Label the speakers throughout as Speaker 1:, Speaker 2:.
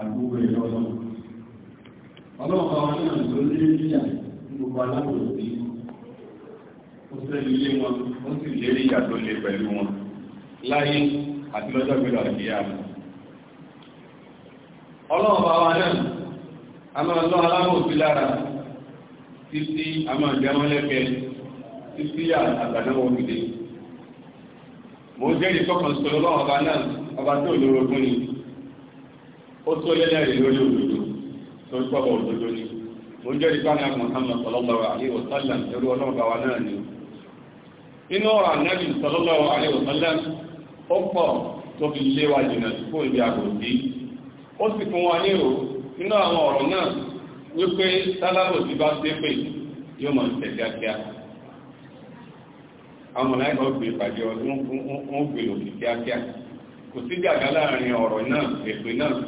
Speaker 1: àdúgbò ìlọ́lọ́. Ọlọ́pàá wọn náà ló lé níyà ní gbogbo alábòsí.
Speaker 2: Ó sẹ́ni lé wọn, ó sì lé níyà tó lé pẹ̀lú wọn. Láyé àti lọ́jọ́ gbéra ìyá mi. Ọlọ́pàá wọn náà, a máa lọ alábòsí lára títí a máa jẹ́ wọn lẹ́kẹ̀ẹ́ títí àtàdáwọ̀ òkìdé. Mo jẹ́ ìtọ́kàn sọ̀rọ̀ ọba náà, ọba tó lórogún ni ó tó lẹ́lẹ́rìí lórí òdodo tó ń pọ̀bọ̀ òdodo ni mo ń jẹ́rìí bá náà Muhammad sallallahu alaihi wa sallam ẹrú ọlọ́ọ̀bá wa náà ni inú ọ̀rọ̀ anábì sallallahu alaihi wa sallam ó pọ̀ tó fi lé wa jìnà sí fún ibi àbòsí ó sì fún wa ní ìrò nínú àwọn ọ̀rọ̀ náà wípé sálábòsí bá ṣépè yóò mọ̀ ṣẹ̀ kíákíá àwọn mọ̀láìkà ó gbé ìpàdé ọdún kò sí gàgá láàrin ọ̀rọ̀ náà èpè náà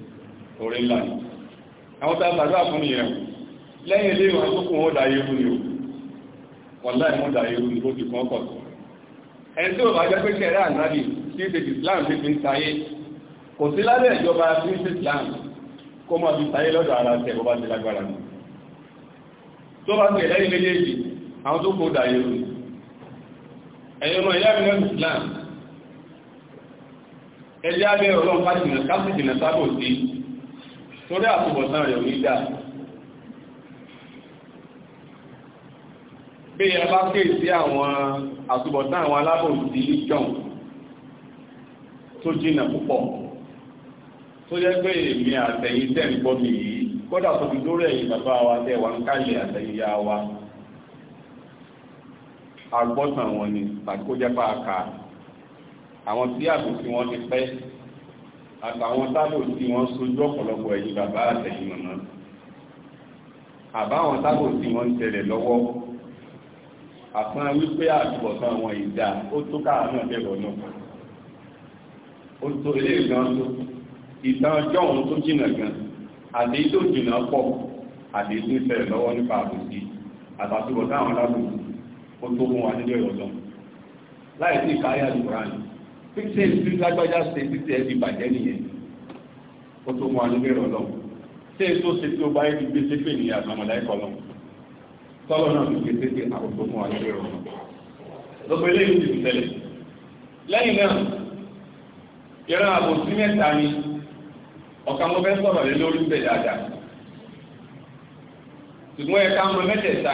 Speaker 2: orí ńlá ni àwọn tá a sàdúrà fún nìyẹn lẹ́yìn ilé ìwọ̀n tó kù wọn dà yẹrù ni o wọ́n láì mú dà yẹrù ni ó fi kàn kọ̀ ẹni tí ò bá jẹ́ pé kẹrẹ́ ànábì tí ṣe Islam ti fi ń sáyé kò sí lábẹ́ ìjọba tí ń ṣe Islam kó máa fi sáyé lọ́dọ̀ ara tẹ̀ bó bá ti lágbára ni tó bá tẹ̀ lẹ́yìn méjèèjì àwọn tó kù dà yẹrù ni ẹ̀yọ́ náà ìyá mi lẹ́nu Islam ẹjẹ́ abẹ́ ọlọ́run ká torí àtúbọ̀tán rẹ̀ orí dáa bí ẹ bá ké sí àwọn àtúbọ̀tán àwọn alábòsí john tó jìnà púpọ̀ tó jẹ́ pé èmi àtẹ̀yìn tẹ́ ń gbọ́ mi yìí kódà tó fi lórí ẹ̀yìn bàbá wa tẹ́ wà ń kálẹ̀ àtẹ̀yìn yá wa agbọ́tàn wọn ni tàbí kó jẹ́ pàákà àwọn tí àbòsí wọn ti pẹ́ àtàwọn tábò tí wọ́n sojú ọ̀pọ̀lọpọ̀ ẹ̀yìn bàbá àtẹ̀yìn mọ̀mọ́ àbáwọn tábò tí wọ́n ń tẹ̀lẹ̀ lọ́wọ́ àfọn wípé àtúbọ̀tán àwọn ìdá ó tó káà náà bẹ̀rọ̀ náà ó tó ilé gan tó ìtàn ọjọ́ òun tó jìnà gan àti tó jìnà pọ̀ àti tó tẹ̀lẹ̀ lọ́wọ́ nípa àbòsí àtàtúbọ̀tán àwọn lábòsí ó tó fún wa nílé ọ̀dọ́ láì sí ìkáyà ìkùránì fífi ìlú lágbájá ṣe títí ẹbí bàjẹ́ nìyẹn ó tó mú alúgbèrè ọlọ́run tí èso ṣe tí ó bá yẹ ti gbé sépè ní àtàmọ̀lá ẹ̀kọ́ lọ tọ́lọ́ náà ti gbé sépè àkókò mú alúgbèrè ọlọ́run lọ́pọ̀ eléyìí ti tẹ̀lé lẹ́yìn náà ìran àbòsí mẹ́ta ni ọ̀kan mo fẹ́ sọ̀rọ̀ lé lórí bẹ̀ dáadáa ṣùgbọ́n ẹ̀ka mọ mẹ́tẹ̀ẹ̀ta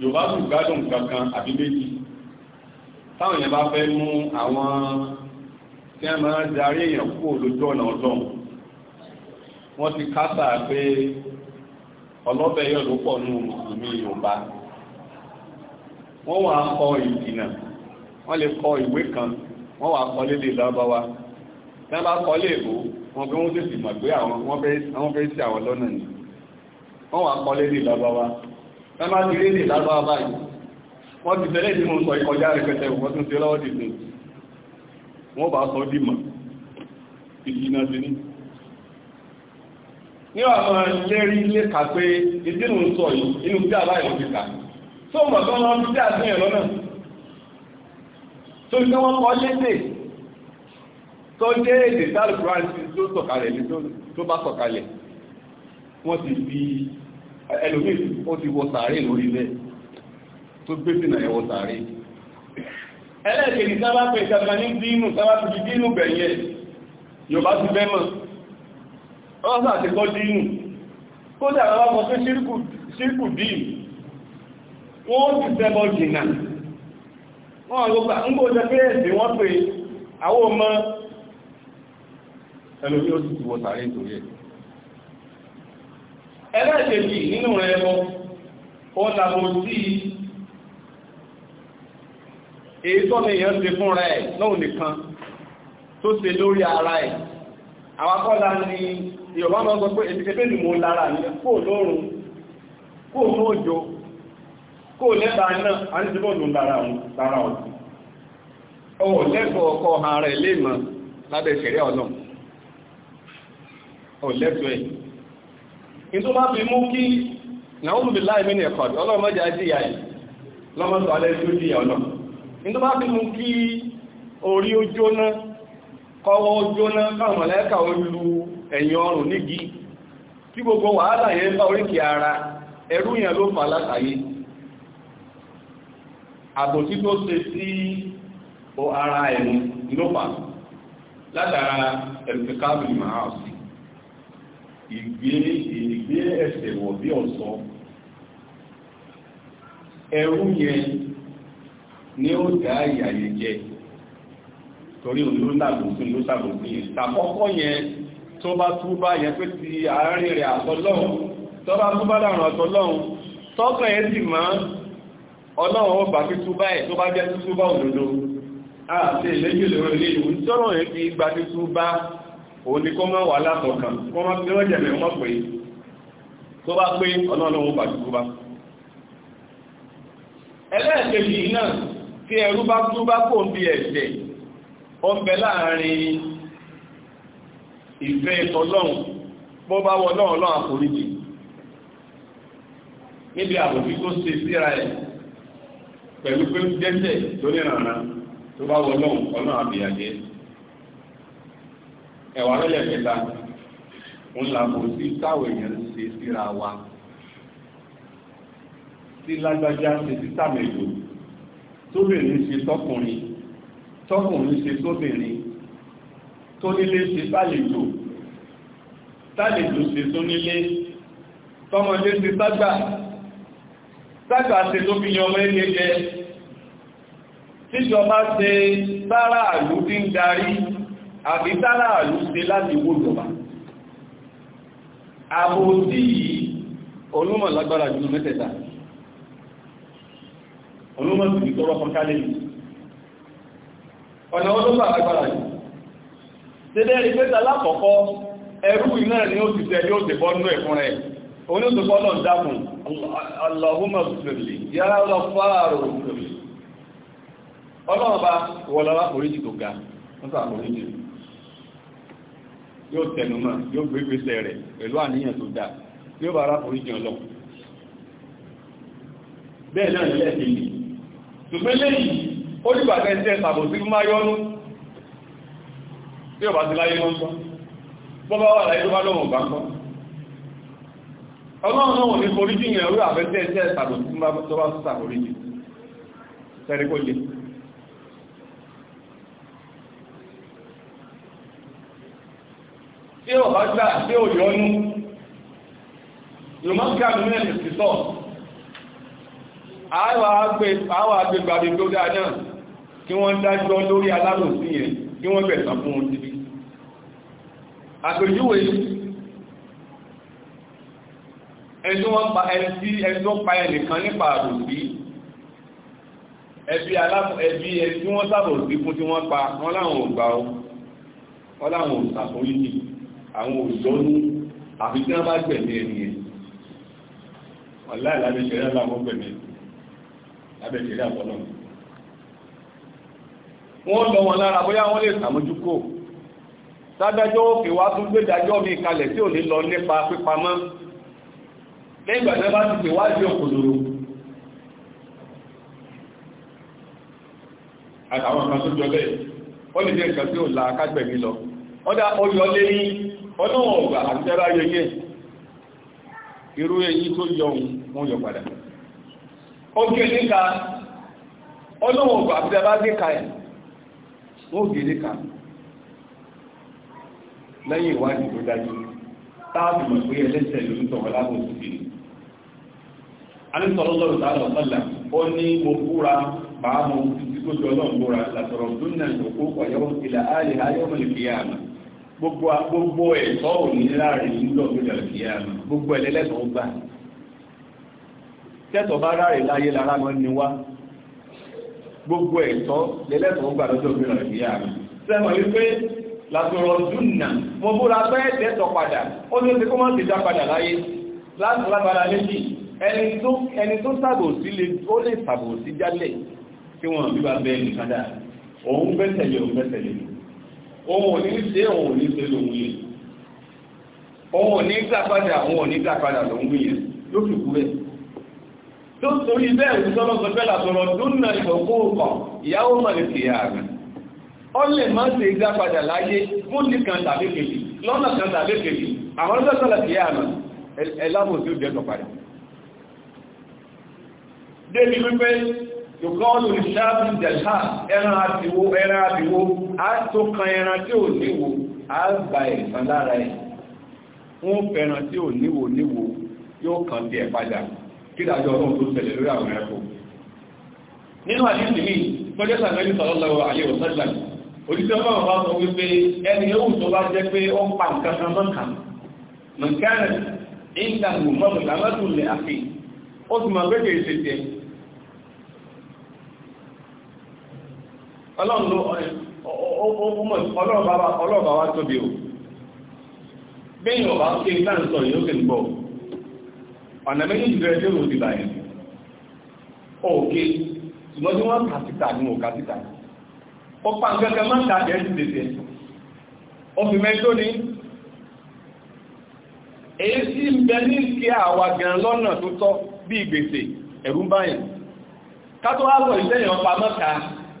Speaker 2: yorùbá lù gbádùn kankan àbí méjì táwọn èèyàn bá fẹ́ mú àwọn tí wọ́n máa ń darí èèyàn kú lójú ọ̀nà ọlọ́run wọ́n ti kásà pé ọlọ́bẹ̀ yọ̀ ló pọ̀ nù mùsùlùmí yorùbá wọ́n wà kọ ìdìnà wọ́n lè kọ ìwé kan wọ́n wà kọ lédè lárúbáwá tí wọ́n bá kọ léèbó wọ́n fẹ́ wọ́n tètè mọ̀ pé àwọn fẹ́ sí àwọn lọ́nà ni wọ́n wà kọ lédè lárúbáwá ẹmá ti rí ní ìlágbà báyìí wọ́n ti tẹ́lẹ̀ ìdí mọ́ sọ ìkọjá rẹpẹtẹ wọ́n tún ṣe lọ́wọ́ dìde wọ́n bá sọ dìmọ̀ ìjìnà sí ní ní àwọn lérí ilé kà pé ìdínú sọ yìí inú bí aláìlú ti kà tó mọ̀ tó wọ́n ti dí àtúnyẹ̀ lọ́nà tó ní wọ́n kọ́ lédè tó jẹ́ èdè tálùkù rántí tó sọ̀kalẹ̀ tó bá sọ̀kalẹ̀ wọ́n ti fi ẹlòmíì ó ti wọ sàárè lórí ilẹ̀ tó gbé sínú ẹ̀wọ̀ sàárè ẹlẹ́ẹ̀kejì sábà pé ìsàgbà ní dínú sábà fi dínú bẹ̀yẹ yorùbá ti bẹ́ mọ̀ ọlọ́sà ti kọ́ dínú kódà àwọn ọmọ pé ṣírkù dínú wọ́n ti tẹ́bọ̀ jìnà wọ́n ń jẹ́ pé ẹ̀sìn wọ́n pé ẹlẹ́ẹ̀kejì nínú rẹ̀ ẹbọ ó làbò sí èyí tó ní èèyàn ti fún rẹ̀ lóhun nìkan tó ṣe lórí ara ẹ̀ àwọn ni Yorùbá máa sọ pé lára ní kó lóòrùn kó lóòjò kó lẹ́bàá náà a lára ọ̀dún tó máa fi mú kí nàún bí láì ẹ̀kọ́ ọlọ́mọdé àjíyà lọ́mọdé alẹ́ tó ọ̀nà tó máa fi mú kí orí kọwọ́ káwọn ẹ̀yìn ọrùn nígi kí gbogbo wàhálà yẹn bá oríkì ara ẹrú yẹn ló fà látàyé àbòsí tó ṣe sí ara ẹ̀mú ló fà látara ìgbé ìgbé ẹsẹ̀ wọ̀ bí ọ̀sán ẹrú yẹn ni ó dá ìyàyè jẹ torí òun ló lágbòsí ló sàgbòsí yẹn tàkọ́kọ́ yẹn tó bá túbá yẹn pé ti àárín rẹ̀ àtọ́lọ́hun tó bá túbá láàrín àtọ́lọ́hun tọ́kàn ẹ̀ sì máa ọlọ́run ó bá fi túbá ẹ̀ tó bá jẹ́ túbá òdodo àti ìlẹ́jì lórí ilé ìwò tí ọ̀rọ̀ yẹn fi gbà fi òun ni kọ́ máa wà látọ̀kan kọ́ máa fi wọ́n jẹ̀mẹ̀ wọ́n pè é tó bá pé ọlọ́run ó bàjú bá ẹlẹ́ẹ̀kejì náà tí ẹrú bá tú bá kò ń bí ẹ̀ṣẹ̀ ó ń bẹ láàrin ìfẹ́ ìtọ́lọ́run bó bá wọ náà ọlọ́run àforíjì níbi àbòbí tó ṣe síra ẹ̀ pẹ̀lú pé jẹ́sẹ̀ tó nírànà tó bá wọ náà ọlọ́run àbìyàjẹ́ ẹ̀wà lọ́lẹ̀ mẹ́ta ń làbò sí táwọn èèyàn ń ṣe síra wa tí lágbájá ṣe sí tàmẹ̀lò tóbìnrin ṣe tọkùnrin tọkùnrin ṣe tóbìnrin tónílé ṣe tàlejò tàlejò ṣe tónílé tọmọdé ṣe tágbà tágbà ṣe tó fi yan ọmọ ẹgbẹ́ jẹ tíjọba ṣe sára àlú ń darí àbí tára àlú ṣe láti wó ìjọba àbò tí olúmọ̀ lágbára jù mẹ́tẹ̀ta olúmọ̀ sì tọrọ kan kálẹ̀ yìí ọ̀nà olúmọ̀ lágbára jù dédé rí pẹ́ta lákọ̀ọ́kọ́ ẹrú iná ni ó ti tẹ́ yóò ti bọ́ nú ẹ̀kún rẹ̀ oníṣùgbọ́n náà dákùn allahumma sùfèrè yára lọ fáàrò sùfèrè ọlọ́ọ̀bá wọlọ́wà oríjì tó ga wọ́n sàkóríjì yóò tẹnumọ́ yóò gbé gbèsè rẹ̀ pẹ̀lú àníyàn tó dáa yóò bá arákùnrin jẹun lọ bẹ́ẹ̀ náà nílẹ̀ sí ni ṣùgbọ́n lẹ́yìn ó dìgbà tẹ́ tẹ́ tàbò sí máyọ́nú tí ó bá ti láyé mọ́ńkọ́ bọ́ bá wà láyé tó bá lọ́wọ́n bá ń kọ́ ọlọ́run náà ní foríjì yẹn orí àfẹ́tẹ́ tẹ́ tàbò sí máyọ́nú tó bá sí tàbò tí ò bá gbà tí ò yọnu yóò má gbà nínú ẹ̀sìn sísọ àwọn agbègbàdì tó dáa náà kí wọ́n dájọ́ lórí aláròsí yẹn kí wọ́n bẹ̀sán fún wọn títí àpèjúwe ẹni wọ́n pa ẹni tó pa ẹnìkan nípa àròsí ẹbí ẹbí ẹni tí wọ́n sábòsí fún tí wọ́n pa wọ́n láwọn ò ó wọ́n láwọn ò sàforíjì àwọn òyọ́nú àfi tí wọ́n bá gbẹ̀mí ẹni ẹ̀ aláìlábẹ̀ ìṣẹ̀lẹ̀ aláwọ̀ gbẹ̀mí lábẹ̀ ìṣẹ̀lẹ̀ àpọ̀lọ́ wọ́n lọ wọn lára bóyá wọ́n lè sàmójúkò sádájọ́ òkè wá tún gbé dájọ́ mi kalẹ̀ tí ò ní lọ nípa pípamọ́ lẹ́yìn ìgbà tí wọ́n bá ti pè wá sí òkòdòrò àtàwọn kan tó jọ bẹ́ẹ̀ ó lè jẹ́ nǹkan tí ò la lọ ọ̀dà ó yọ lé ní ọlọ́wọ̀n ọ̀gbà àtẹ́rà yẹyẹ irú èyí tó yọ wọn yọ padà oké e níka ọlọ́wọ̀n ọ̀gbà àtẹ́rà níka e ẹ̀ wọ́n gé e níka lẹ́yìn ìwádìí tó dájú táàbù pé ẹlẹ́sẹ̀ ló tọ̀wọ́ lábò òfin gbogbo gbogbo ẹ̀tọ́ òní láàrin nílò tó lọ sí àmì gbogbo ẹlẹ́lẹ́tọ̀ ó gbà tẹ́tọ̀ bá ráre láyé lára mọ́ ni wá gbogbo ẹ̀tọ́ lẹ́lẹ́tọ̀ ó gbà lọ́jọ́ tó lọ sí àmì sẹ́mọ̀ wípé làtọ̀rọ̀ dùnà mo búra pé tẹ́tọ̀ padà ó ní ti kó mọ́ ti dá padà láyé láti lágbára méjì ẹni tó ẹni tó sàbò sí lè ó lè sàbò sí jálẹ̀ tí wọ́n bí bá bẹ́ẹ̀ nìkan dáa òun bẹ́sẹ̀ lè òun bẹ́sẹ̀ lè lò òun ò ní ṣe òun ò ní ṣe lòun yẹn òun ò ní gbà padà òun ò ní gbà padà lòun yẹn ló fi kú bẹ́ẹ̀ tó torí bẹ́ẹ̀ ìṣọ́lọ́ sọ bẹ́ẹ̀ làtọ̀rọ̀ dúnà ìfọ̀kó ọkọ̀ ìyàwó mọ̀lẹ́kì ààrẹ ọ lè má ṣe ìgbà padà láyé múlì kan tàbí kejì lọ́nà kan tàbí kejì àwọn ọlọ́sọ̀lọ̀ kìí àmà ẹ̀lábòsí ò jẹ́ tọ̀padà débi wípé yòkọ́ọ̀lù ìṣàbí ìjẹ̀lá ẹran àtiwó ẹran àtiwó a tó kan ẹran tí ò níwò a gba ẹ̀san lára ẹ̀ fún ẹran tí ò níwò níwò yóò kàn tí ẹ̀ padà kí dájọ́ ọdún tó ṣẹlẹ̀ lórí àwọn ẹ̀kọ́ nínú àdíṣì mi tọ́jọ́ sàmẹ́lì sọ̀rọ̀lọ́wọ́ ayé òṣèlú òjíṣẹ́ ọlọ́run bá sọ wípé ẹni yóò tó ọlọ́run ló ọlọ́ọ̀bá tóbi o bẹ́yìn ọ̀bá ó ké láǹsọ̀ yóò sì ń bọ̀ ọ̀nà méjì bẹ̀rẹ̀ tí ó ti báyìí òkè ṣùgbọ́n tí wọ́n kàtìkà ní ò kàtìkà ó pa nǹkankan má kàtì ẹ̀ ti tètè òfin mẹ́tò ní èyí sí ń bẹ ní kí àwa gan lọ́nà tó tọ́ bí ìgbèsè ẹ̀rú báyìí ká tó wá lọ ìṣẹ́yàn pa mọ́ta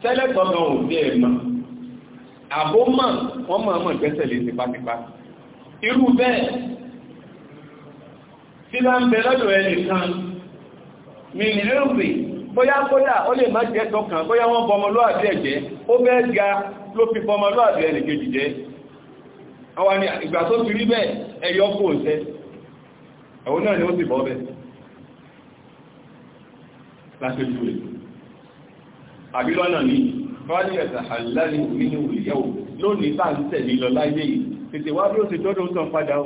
Speaker 2: tẹ́lẹ̀tọ́ gan ò sí ẹ̀mà àbó mọ̀ wọ́n mọ̀ mọ̀ gbẹ́sẹ̀ lé tipátipá irú bẹ́ẹ̀ tí bá ń bẹ lọ́dọ̀ ẹnì kan mi ní lérùpì bóyá bóyá ó lè má jẹ́ tọkàn bóyá wọ́n bọmọlúwàbí ẹ̀jẹ́ ó bẹ́ẹ̀ ga ló fi bọmọlúwàbí ẹnì kejì láti ojú rẹ̀ àbí lọ́nà ní fọ́lẹ̀ẹ̀sà àlàní nínú ìyẹ́wò lónìí bá ń tẹ̀lé lọ láyé yìí tètè wá bí ó ti dọ́dọ̀ tán padà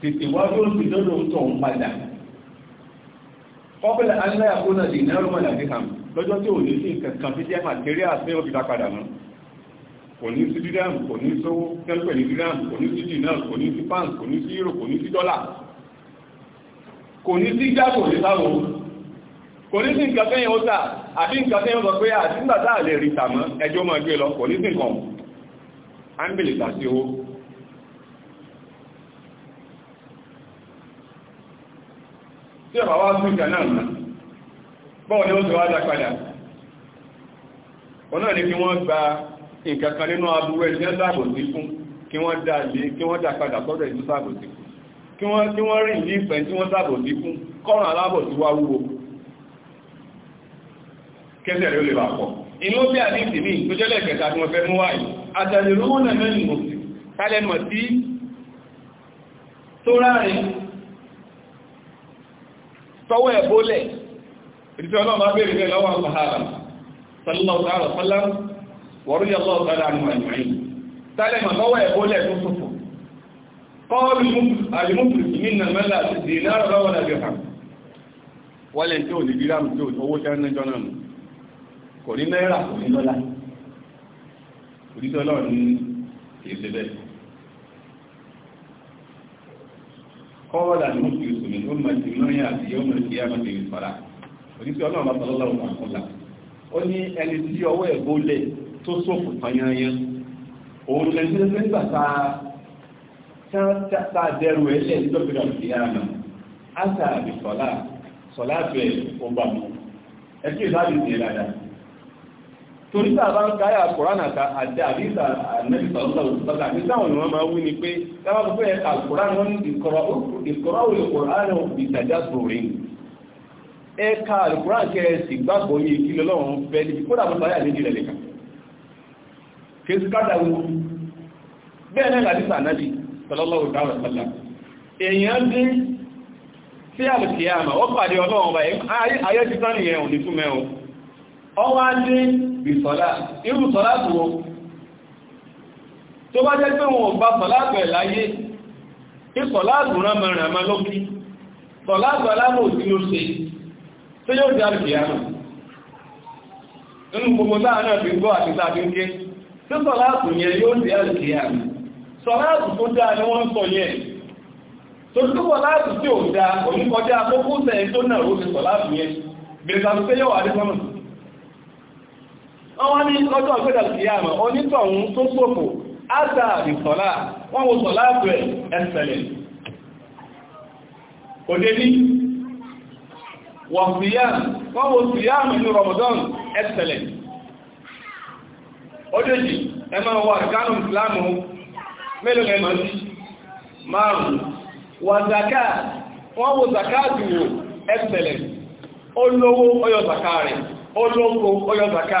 Speaker 2: tètè wá bí ó ti dọ́dọ̀ tán padà kọ́bílẹ̀ aláyàkóná lè náírà mọ́lá fi hàn lọ́jọ́ tí ò ní sí nǹkan tí jẹ́ màtíríà sí òbíta padà mọ́ kò ní sí dídáàmù kò ní sówó tẹ́lẹ̀pẹ̀ ní dídáàmù kò ní ní sáwọn kò ní sí nǹkan tẹ́yìn ó tà àbí nǹkan tẹ́yìn ó sọ pé àtìgbà táà lè rí tàmọ́ ẹjọ́ mọ́ gbé lọ kò ní sí nǹkan áńbìlì tàbí owó tí ọ̀pá wá fún ìjà náà bọ́ọ̀ ni ó ti wá dá padà ọ̀nà ni kí wọ́n gba nǹkan kan nínú aburú ẹni jẹ́ láàbò sí fún kí wọ́n dá lé kí wọ́n dá padà sọ́dọ̀ ìlú sáàbò sí fún kí wọ́n rí ìlú ìfẹ́ tí wọ́n sáàbò sí fún kọ́ràn alábò tí wá wúwo kẹsẹ̀ rẹ̀ ó lè wà pọ̀ inú bí àdíjì ní ìtójẹ́lẹ̀ kẹta tí wọ́n fẹ́ mú wáyé àtàlẹ̀rún náà mẹ́rin mọ̀ sí kálẹ̀mọ̀ sí tó rárin tọwọ́ ẹ̀ bólẹ̀ ìdífẹ́ ọlọ́mà bèèrè rẹ̀ lọ́wọ́ sàhárà sallallahu ta'ala sallam ní àìmọ̀yìn tálẹ̀mọ̀ tọwọ́ ẹ̀ bólẹ̀ tó sọ́fọ́ قال المفلس منا من لا دينار ولا درهم ولا انتو دينار owó tẹ́rẹ́ jọ náà kò ní náírà kò ní lọ́la òdìsẹ́ ọlọ́run ní kìí ṣe bẹ́ẹ̀. kọ́wọ́dà ní mọ́tò ìsòmí ó máa ti náà yà sí ọmọ ìkìyà máa ti fara òdìsẹ́ ọlọ́run bá sọ́lọ́lá òun àkọ́lá ó ní ẹni tí ọwọ́ ẹ̀ bólẹ̀ tó sófò fanyanyan òun lẹ́ni tó fẹ́ gbà tá a dẹrù ẹ̀ lẹ́yìn tó gbéra ìkìyà náà á sàbí sọ́lá sọ́lá bẹ̀ ọgbà mọ́ ẹ kí ìlú àdìsí ẹ̀ dáadáa torí sábà káyà kùránà àti àdísà ànẹ́bìsà ọ̀sọ̀lọ́sọ̀lá ní sáwọn ìwọ̀n máa wí ni pé sábà tó fẹ́ kùránà ìkọ̀rọ̀ òye kùránà ìtajà sòrin ẹ̀ka kùránà kẹ́ ẹ gbàgbọ́ ní ìkílẹ̀ fẹ́ níbi kódà bó sáyà bí sọ́lá irú sọ́lá tó wọ́n tó bá jẹ́ pé wọn ò bá sọ́lá tó ẹ̀ láyé ìsọ̀lá àgbòrán mẹ́rin àmà lókí sọ̀lá àgbà aláwọ̀ òsì ló ṣe tó yóò jẹ́ àrùkìyàmù nínú gbogbo láàárín àti gbọ́ àti tàbíké tí sọ̀lá àgbò yẹn yóò jẹ́ àrùkìyàmù sọ̀lá àgbò tó dáa ni wọ́n sọ yẹn tó tí sọ̀lá àgbò tí ò dáa òun kọjá àkókò sẹ́yìn tó náà ó ti sọ̀lá àgbò yẹn bẹ̀rẹ̀ wọ́n ní lọ́jọ́ ọ̀gbẹ́dà sí àmà onítọ̀hún tó sófò ádà ìsọ̀lá wọ́n wo sọ̀lá àbẹ̀ ẹ̀sẹ̀lẹ̀ òdé ní wọ́n wo síyàmù ní Ramadan ẹ̀sẹ̀lẹ̀ òdéjì ẹmà wà kánù ìsìlámù mélòó ẹmà sí márùn-ún wà zaka wọ́n wo zaka àdúwò ẹ̀sẹ̀lẹ̀ olówó ọyọ̀ zaka rẹ̀ olóko ọyọ̀ zaka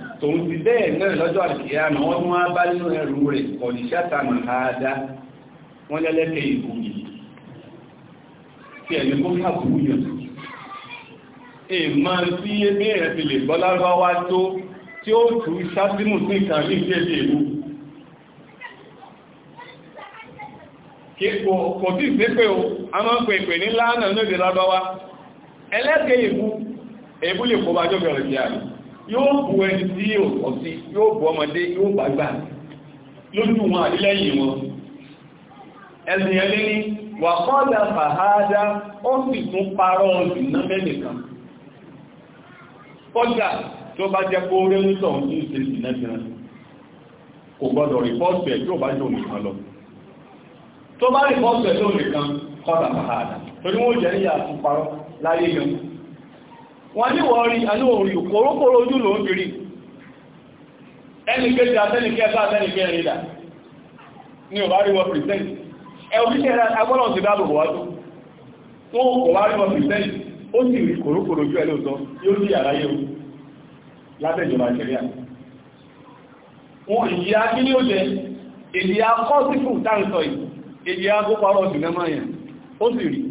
Speaker 2: tòun ti bẹ́ẹ̀ náà lọ́jọ́ àkíyà mà wọ́n tún wá bá nínú ẹrù rẹ̀ kọ̀ọ̀lì sátàmà àádá wọ́n lẹ́lẹ́kẹ̀ ìbò yìí tí ẹ̀mí kó kàbùrú yàn èèmọ̀ tí ebí ẹ̀rẹ̀ ti lè gbọ́ lárúbáwá tó tí ó tú sábímù sí nǹkan ní ìkéde ìlú kò tí ì sépè o a máa ń pè pè ní láàánà ní èdè lárúbáwá ẹlẹ́kẹ̀ ìbú lè kó bá jọ́bẹ̀rẹ̀ kí yóò bu ẹni tí ọ̀sí yóò bu ọmọdé yóò gbàgbà lójú wọn àdílẹ́yìn wọn ẹ̀sìn ẹlẹ́ ní wà kọ́dà fàhádá ó sì tún parọ́ ọdún náà mẹ́nìkan kọ́dà tó bá jẹ́ kó rẹ́ ń sọ̀rọ̀ ní ìṣẹ́ ìsinẹ́sìn kò gbọ́dọ̀ rìpọ́ọ̀tù ẹ̀ tó bá jẹ́ lọ wọ́n ní wọ́n rí àníwòrí kòrókòrò ojú ló ń bìírí ẹnìkejì àtẹ́nìkẹ́ àtẹ́nìkẹ́ ìrìdà ní ọ̀bá rí wọ́n pìrìsẹ́ntì ẹ̀wọ̀n agbọ́nà ti dáàbò wọ́n tó wọ́n kò wá rí wọ́n pìrìsẹ́ntì ó sì rí kòrókòrò ojú ẹlòtọ́ yóò sí àráyé o lábẹ́jọba ìṣẹ̀lẹ̀ wọn ìyá kí ní ó jẹ èdè akọ́sífù táǹsọ̀ yìí èdè agbóparọ̀ ọ̀sìn náà máa yẹn ó sì rí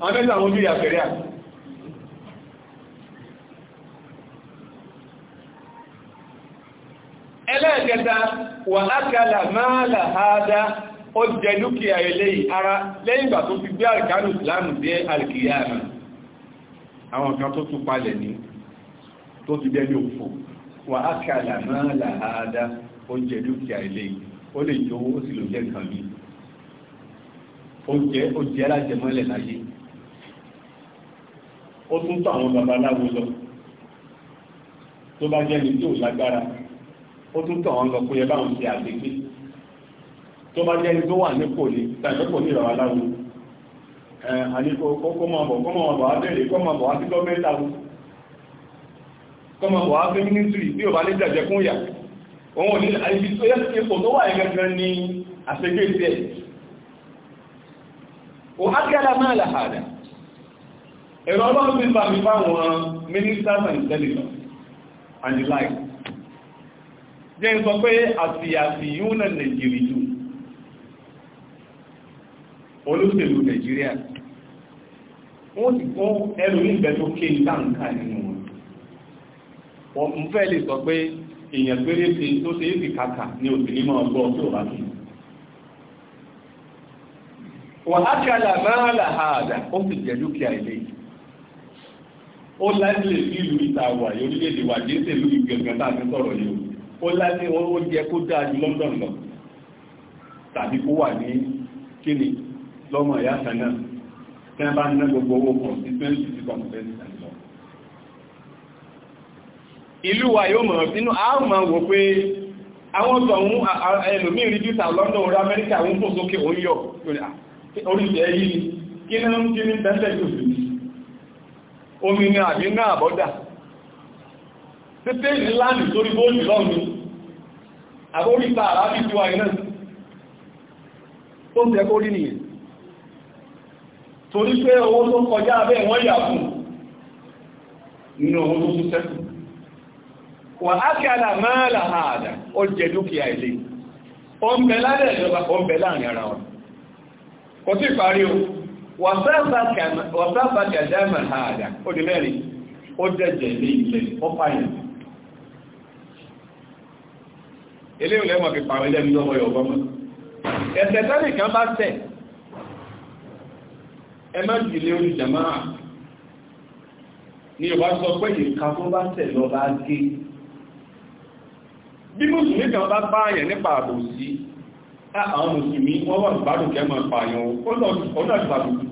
Speaker 2: àwọn mẹ́ta àwọn ojú ìyàfẹ̀rẹ́ àti ẹlẹ́ẹ̀kẹta wà ákàlà máa làhádá ó jẹ dúkìá eléyìí ara lẹ́yìn ìgbà tó fi gbé àrìkánù ìsìláàmù dé àrìkìyà rẹ̀ àwọn kan tó tún palẹ̀ ní tó ti dẹ́ ní òfò wà ákàlà máa làhádá ó jẹ dúkìá eléyìí ó lè jọ ó sì lò jẹ́ nǹkan mi ó jẹ́ alájẹmọ́lẹ̀ láyé ó tún tọ́ àwọn babaláwo lọ tó bá jẹ́ ní tí ò lágbára ó tún tọ̀ wọ́n lọ kó yẹ báwọn ṣe àgbègbè tó bá jẹ́ ní tó wà nípò ní tàbí kò ní ìrọ̀lá láwo àníkò kó máa bọ̀ kó máa bọ̀ wá bẹ̀rẹ̀ kó máa bọ̀ wá sí gọ́ọ̀mẹ́ntà wo kó máa bọ̀ wá sí mínísírì bí ò bá lè jàjẹ́ fún yà òun ò ní ibi tó yẹ ipò tó wà gẹ́gẹ́ ní àṣegbè tiẹ̀ ò á kí alámọ́ àlàhàdà ẹ̀rọ ọlọ́run ti sàmì fáwọn ministers and intelligence and the like jẹ́ ń sọ pé àfìyàfì yíò nà nàìjírí jù olóṣèlú nàìjíríà wọ́n ti kọ́ ẹrù nígbẹ̀ tó ké táǹkà nínú wọn wọ́n fẹ́ lè sọ pé èèyàn péréte tó ṣe é fi kàkà ní òsìlí máa gbọ́ bá kí á ó láti lè ní ìlú ìta wà yìí orílẹ̀-èdè wà yìí ṣèlú ìgbẹ̀ngàn tá a ti sọ̀rọ̀ yìí ó láti ó jẹ kó dáa ju London lọ tàbí kó wà ní kíni lọ́mọ ìyá kan náà tí wọ́n bá ń ná gbogbo owó constituency ti constituency kan lọ. ìlú wa yóò mọ̀ sínú àmà wò pé àwọn tọ̀hún ẹlòmí rídíta London orí Amẹ́ríkà ń fò sókè oyọ orílẹ̀ yìí kí ní ń kí ní bẹ́ẹ̀ omi ní àbí ní àbọ́dà títí ìlànì torí bóòlù lọ́nà àbóríta àrábí tí wà iná tó ń tẹ́kó rí nìyẹn torí pé owó tó kọjá abẹ́ wọ́n yà fún nínú owó tó sẹ́kù wà ákàlà máa làhàdà ó jẹ dúkìá ilé ọmọ ẹ̀lá wàsáfà kàdámà ààdà ó di mẹ́rin ó dẹ̀jẹ̀ ní ilẹ̀ ọpáyàn ilé ìlẹ̀ mọ̀ fi pàwọn ilẹ̀ nínú ọmọ yọ̀bọ̀ mọ́ ẹ̀sẹ̀ tẹ́lì kan bá tẹ̀ ẹ má jù ilé orí jàmáà ni ìwà sọ pé ìka tó bá tẹ̀ lọ bá gé bí mùsùlùmí kan bá báyẹ̀ nípa àbòsí àwọn mùsùlùmí wọ́n wà ìbádùn kẹ́ mọ̀ pààyàn ó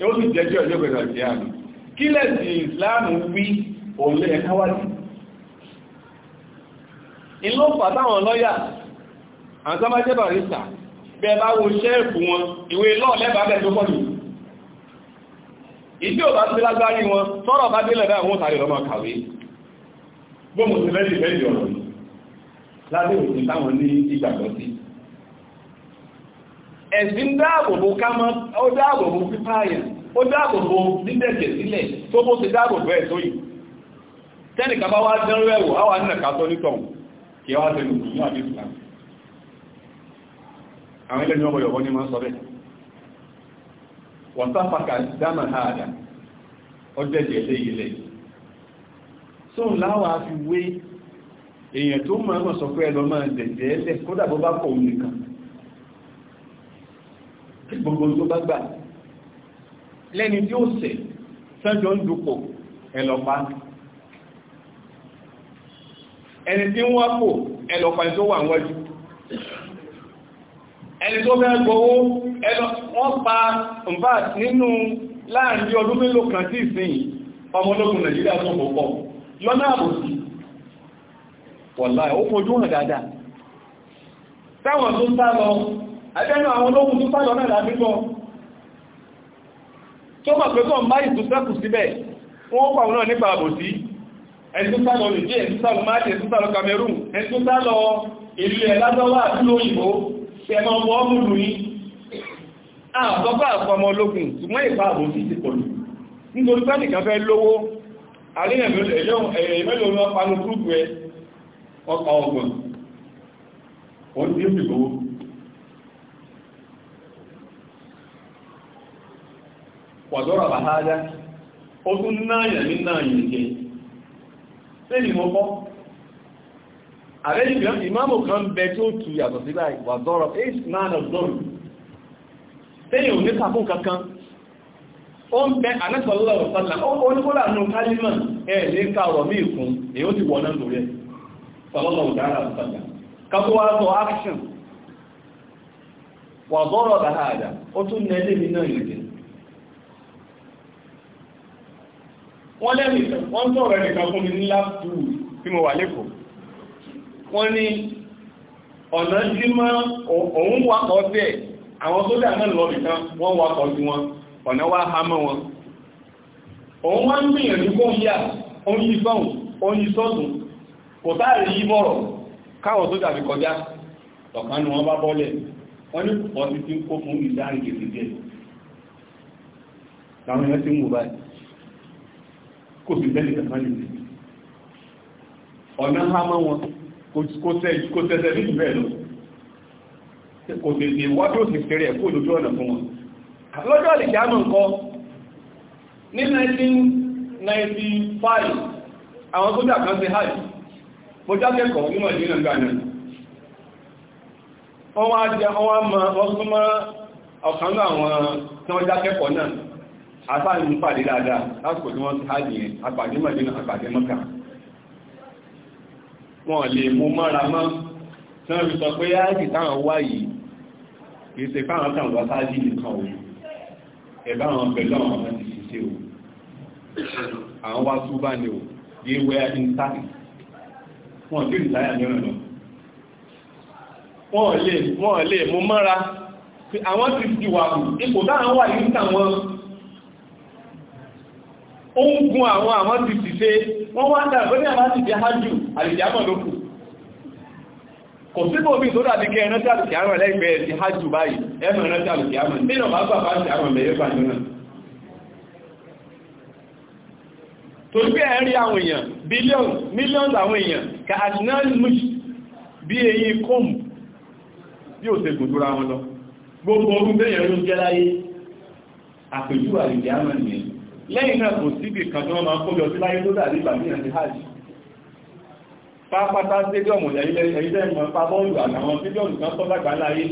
Speaker 2: yóò sì jẹ́jọ́ ìjọ pẹ̀lú àti àmì kí lẹ́sì ìsìláàmù wí òun lẹ́yẹ káwàdì ìlú pàtàwọn lọ́yà àtàmájẹ́ barista bẹ bá wo ṣẹ́ẹ̀fù wọn ìwé lọ́ọ̀ lẹ́bàá bẹ̀ tó pọ̀ jù ìdí ò bá ti lágbárí wọn tọ́rọ̀ bá délẹ̀ bá wọn tàrí lọ́mọ kàwé gbọ́mù sí lẹ́yìn lẹ́yìn ọ̀rọ̀ lábẹ́ òsìn táwọn ní ìgbàgbọ́ sí ẹ̀sìn dáàbòbò kámọ́ ó dáàbòbò pípáyà ó dáàbòbò dídẹ̀jẹ̀ sílẹ̀ tó bó ti dáàbòbò ẹ̀ tó yìí tẹ́nìkan bá wá dánrú ẹ̀wò àwọn anìyànká tó nítọ̀hún kí wá tẹ́lù ní àbí Islam àwọn ilẹ̀ ní ọmọ yọ̀bọ̀ ní máa sọ bẹ́ẹ̀ wọ́n sáfàkà dámà ààdà ọjẹ́jẹ̀ ilé ilẹ̀ tó ń láwà fi wé èèyàn tó mọ̀ sọ pé ẹlọ máa dẹ̀jẹ̀ ẹlẹ̀ kódà bó bá kọ̀ nìkan gbogbo tó bá gbà lẹ́ni tí ó sẹ̀ sẹ́jọ́ ń dupò ẹ̀lọ́pàá ẹni tí ń wá pò ẹ̀lọ́pàá tó wà wọ́jú ẹni tó fẹ́ gbowó wọ́n pa mbà nínú láàrin ọdún mélòó kan sí ìsìn ọmọlógún Nàìjíríà tó pọ̀ pọ̀ lọ́nà àbòsí wọ̀lá ó fojú hàn dáadáa táwọn tó sá lọ àjẹ́nu àwọn ológun tó sálọ náà lábígbọ́ tó mọ̀ pé kọ́ máa ìtù sẹ́kù síbẹ̀ wọ́n pàwọn náà nípa àbòsí ẹni tó sálọ nìjẹ́ ẹni tó sálọ máàtì ẹni tó sálọ Cameroon ẹni tó sálọ ìlú ẹ̀ lásọ́wọ́ àdúró òyìnbó ṣẹmọ ọmọ ọmọ lù yí àbọ́bá àpamọ́ ológun ṣùgbọ́n ìpa àbòsí ti pọ̀ lù nítorí pé nìkan fẹ́ lówó àríyàn mélòó lọ́pàá ní gúrùpù ẹ ọkọ̀ ọgbọ̀n òun ti ń fi gbowó wàdọ́rọ̀ bàhájá ó tún náàyà ní náàyà ìké tí ni mo kọ́ ìmáàmù kan bẹ tí ó tù yàtọ̀ sí láì wàdọ́rọ̀ eight man of kankan ó ń bẹ anẹ́sọ̀lọ́lọ́ ọ̀sánlá ó ní kólà nù kálímà ẹ̀ ní ká ọ̀rọ̀ mí ìkún èyí ó ti wọ̀ náà lórí wọ́n lẹ́nu wọ́n tó rẹ̀ nìkan fún mi ní láàpù tí mo wà lẹ́kọ̀ọ́ wọ́n ní ọ̀nà tí mọ́ òun wakọ̀ bẹ́ẹ̀ àwọn tó dà náà lọ nìkan wọ́n wakọ̀ sí wọn ọ̀nà wá ha mọ́ wọn òun wá ń gbìyànjú kó yà oyin sọ́hùn oyin sọ́tún kò táàrí yí bọ̀rọ̀ káwọn tó dàbí kọjá ọ̀kan ni wọ́n bá bọ́lẹ̀ wọ́n ní pọ̀ sí tí ń kó fún ìdáǹkì sí jẹ́ kò sì tẹ́lẹ̀ kankan lè ní ọ̀nà ha mọ́ wọn kò tẹ́sẹ̀ ní ìbẹ̀ lọ kò sì sí wọ́n tó sì fẹ́rẹ̀ kó lójú ọ̀nà fún wọn lọ́jọ́ àlèkè àmọ́ nǹkan ní 1995 àwọn sójà kan ṣe hajj mo jákẹ́kọ̀ọ́ nímọ̀ ìdínà gbàmì wọ́n wá jẹ́ wọ́n wá mọ́ ọkùnmọ́ ọ̀kan náà àwọn tí wọ́n jákẹ́kọ̀ọ́ náà àtàrí ní pàdé dáadáa lásìkò tí wọ́n ti hajj yẹn àpàdé mọ̀dínà àpàdé mọ́kà wọ́n lè mú mọ́ra mọ́ tí wọ́n rí sọ pé yáàjì táwọn wá yìí kìí ṣe fáwọn tàn wá sáájì nìkan o ẹ̀bá àwọn pẹ̀lú àwọn ọmọ ti ṣiṣẹ́ o àwọn wá túbá ni o yé wẹ́ ìntàkì wọ́n tí ìtàyà mìíràn lọ wọ́n lè mú mọ́ra àwọn ti ti wà ipò táwọn wà yìí táwọn ń gun àwọn àwọn ti ti ṣe wọ́n wá dára pé ní àwọn ti jẹ́ hajjú àlìjámọ̀ lókù kò síbò bí tó dàbí kẹ ẹ̀rọ tí àlìjámọ̀ lẹ́gbẹ̀ẹ́ ti hajjú báyìí ẹ̀mọ̀ ẹ̀rọ tí àlìjámọ̀ nínú bá bàbá àlìjámọ̀ lẹ́yẹ́ bá nínú torí pé ẹ̀rí àwọn èèyàn bílíọ̀n mílíọ̀n àwọn èèyàn ka adinal mush bí èyí kọ́m bí ó ṣe gbòdúra wọn lọ gbogbo orúgbẹ́yàn ló jẹ́ láyé àpèjú àlìjámọ̀ nìyẹn lẹ́yìn náà kò síbi kàjọ́ máa kójọ sí láyé tó dàrí ìbàmí àti hajj pápátá stadiumu ẹ̀yílẹ́ ìmọ̀ pàbọ́ọ̀lù àtàwọn stadiumu kan tọ́ lágbà láyé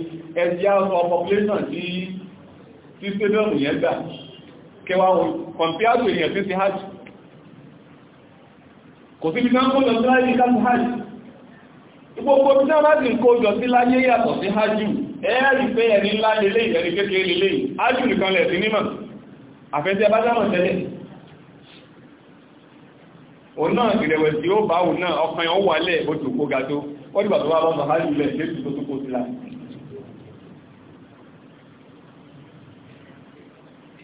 Speaker 2: ẹ̀dí àwọn population tí stadiumu yẹn gbà kẹwàá kọ̀mpíádù èèyàn tí ti hajj kò síbi kan kójọ sí láyé ká hajj gbogbo tí wọ́n bá ti ń kójọ sí láyé yàtọ̀ sí hajj ẹ̀ẹ́rì pé ẹni ńlá lélẹ́yìn ẹni kékeré lélẹ́yìn hajj nìkan lẹ̀ sí nímọ̀ àfẹ́tẹ́ bá dámọ̀ tẹ́lẹ̀ o náà ìrẹ̀wẹ̀ tí ó bá wù náà ọkàn yàn wà lẹ́ o tòkó ga tó wọ́n dìbà tó bá bọ́n bàbá jùlẹ̀ lẹ́tù tó tó kó sílá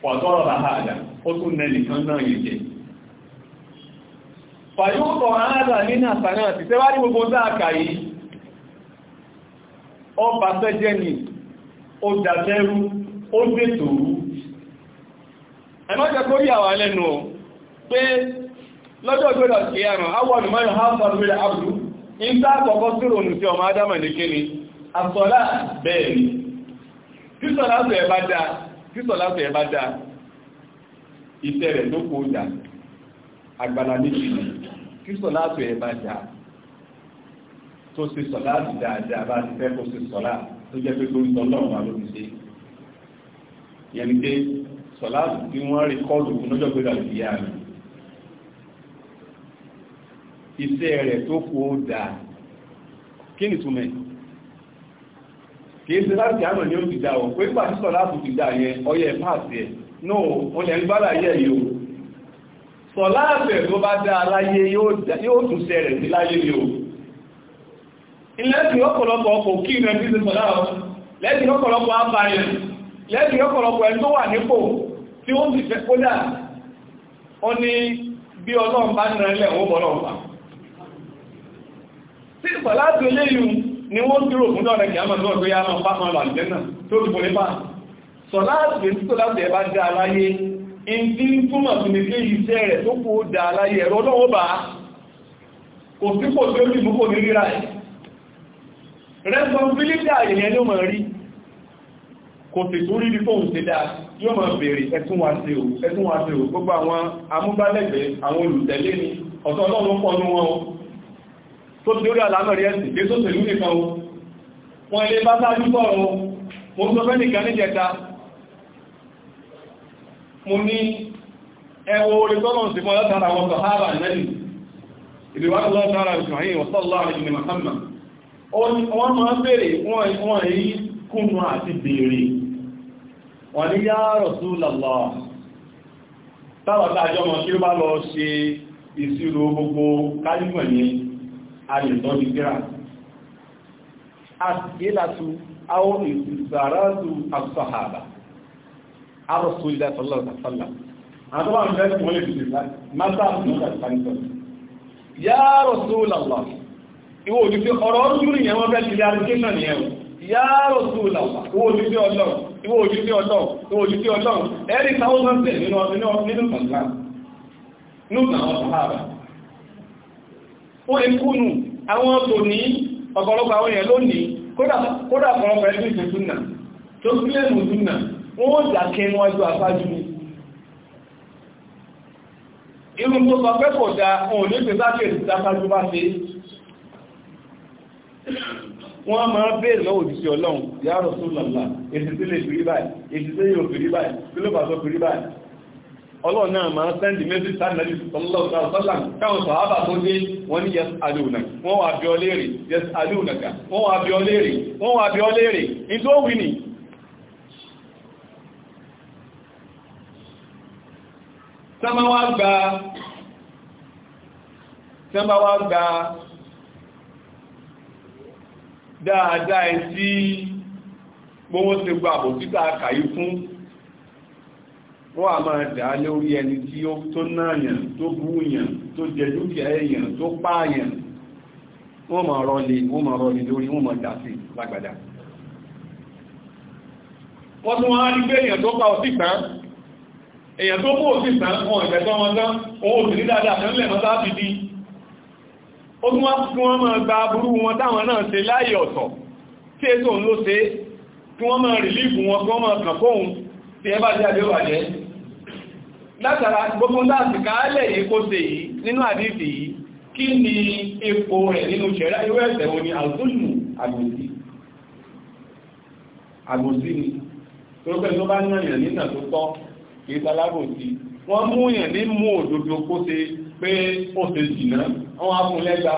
Speaker 2: pọ̀tọ́rọ̀ bàbá àdá ó tún nẹ nìkan náà yìí jẹ fàyóòtọ̀ àádà nínú àtàrà àti tẹ́wárí gbogbo dáàkà yìí ọba fẹ́jẹ́ ni ó dàbẹ́rú ó dètòrú mọ́jọ kó rí àwọn lẹ́nu o pé lọ́jọ́ gbọ́dọ̀ sí ẹran awọ́n mọ́ yóò hàn fún ọdún abdu nígbà àkọ́kọ́ sí ronú sí ọmọ adama ní kíni àsọlá bẹ́ẹ̀ ni sísọlá sọ ẹ bá dáa sísọlá sọ kó sọláàtù tí wọ́n rí kọ́ọ̀dù fún lọ́jọ́ gbéra ìyá mi iṣẹ́ rẹ̀ tó kú ó dáa kí ni túmọ̀ kìí ṣe láti àmọ̀ ní ti dáa ọ̀ pé gbà tí sọláàtù ti dáa yẹn ọyẹ ẹ̀ wọ́n yẹ o sọláàtù ẹ̀ tó bá dáa láyé yóò o ọ̀pọ̀lọpọ̀ ọkọ̀ kí ìrẹ́ bí ṣe ọ̀pọ̀lọpọ̀ tí ó sì fẹ́ kódà ó ní bí ọlọ́run bá nìran ilẹ̀ òun bọ́lọ̀ pa tí ìpà láti eléyìí ni wọ́n dúró fún dọ́rẹ̀ kìí àmàlú ọgbé yára ọpá kan lọ àjẹ́ náà tó ti bọ́lé bá sọ láti tí tó láti ẹ̀bá dá aláyé ìdí túmọ̀ sí ní pé iṣẹ́ rẹ̀ tó kó dá aláyé ẹ̀rọ ọlọ́wọ́ bá kò sí kò tí ó sì mú kò ní rírà ẹ̀ responsibility àyẹ̀yẹ́ ló mọ̀ rí kò sì tó rí bí fóun ṣe dáa yóò máa bèèrè ẹ̀tún wa ṣe o ẹ̀tún wa ṣe o gbogbo àwọn amúgbálẹ́gbẹ̀ẹ́ àwọn olùtẹ̀lé ni ọ̀tọ̀ ọlọ́run pọ̀nú wọn o tó ti lórí àlámọ̀rí ẹ̀sìn lé sóṣèlú nìkan o wọn ilé bá sáájú bọ̀rọ̀ mo sọ fẹ́ nìkan níjẹta mo ní ẹwọ orí tọ́lọ̀n sí fún ọlọ́tara àwọn sọ̀hábà nẹ́lì ìdíwájú lọ́tara ìsìnàyìn ọ̀sọ́lọ́ àrẹ̀jìnlẹ̀ mahamman wọ́n máa bèèrè wọ́n èyí kúnnù àti bèèrè wọ́n ní yá Rasulullah táwọn tààjọ́ mọ̀ kí ó bá lọ ṣe ìṣirò gbogbo kálímọ̀ ní alìtọ́ ní kíra àtìlátú àwọn ìsìsàrátù àṣàhàbà Rasulullah sallallahu alaihi wasallam àtọ́wà ń bẹ́ẹ̀ wọ́n lè fi ìsìlá mátà yá Rasulullah ìwò òdí pé ọ̀rọ̀ ọdún yẹn wọ́n bẹ́ẹ̀ ti rí àríkẹ́ náà nìyẹn yá Rasulullah ìwò òdí pé ọlọ́run ìwọ ojú sí ọlọ́run ìwọ ojú sí ọlọ́run ẹ̀rí thousand ten nínú ọdún nínú kànlá nínú àwọn sàhábà wọ́n ikúnù àwọn tó ní ọ̀pọ̀lọpọ̀ àwọn èèyàn lónìí kódà ọ̀pọ̀lọpọ̀ ẹgbẹ́ ìtùtùnà tó sílẹ̀ mùtùnà wọ́n dákẹ́ wọn ẹjọ́ àfájú ni irun tó sọ pẹ́kọ̀ọ́dá òun ní pẹ̀sákẹ̀ ìtàfájú bá ṣe wọ́n máa bèèrè lọ́wọ́ òjíṣẹ́ ọlọ́run ya Rasulullah èsì tí lè fìrí báyìí èsì tí yóò fìrí báyìí tí ló bá sọ fìrí báyìí ọlọ́run náà máa sẹ́ndì méjì sánàlì ọlọ́run káwọn sọ̀hábà tó dé wọ́n ní yes alúnà wọ́n wà bí ọlẹ́rì yes alúnà ká wọ́n wà bí ọlẹ́rì wọ́n wà bí ọlẹ́rì ìjọ wì ní sẹ́mbà wá gba dáadáa ẹ sí gbówó ṣe gba àbòsíta kàyí fún wọ́n a máa dà lórí ẹni tí ó tó náàyàn tó búyàn tó jẹ dúkìá èèyàn tó pààyàn wọ́n máa rọlé wọ́n máa rọlé lórí wọ́n máa dà sí lágbàdà wọ́n tún wọ́n á rí pé èèyàn tó pa òsì tán èèyàn tó mú òsì tán wọn ìgbẹ̀tọ́ wọn tán òun òsì ní dáadáa tán lẹ̀ mọ́ta fi di ó tún wá kí wọ́n máa gba burú wọn táwọn náà ṣe láyé ọ̀tọ̀ tí é tó ń ló ṣe kí wọ́n máa rìlífù wọn kí wọ́n máa kàn fóhun tí ẹ bá jáde wà jẹ́ látara gbogbo láti káálẹ̀ yìí kó ṣe yìí nínú àdífì yìí kí ni ipò rẹ̀ nínú ṣẹ̀rá irú ni àgbóṣù àgbòsí àgbòsí ni tó pẹ́ tó bá yàn pé ó ṣe jìnà wọ́n á fún lẹ́gba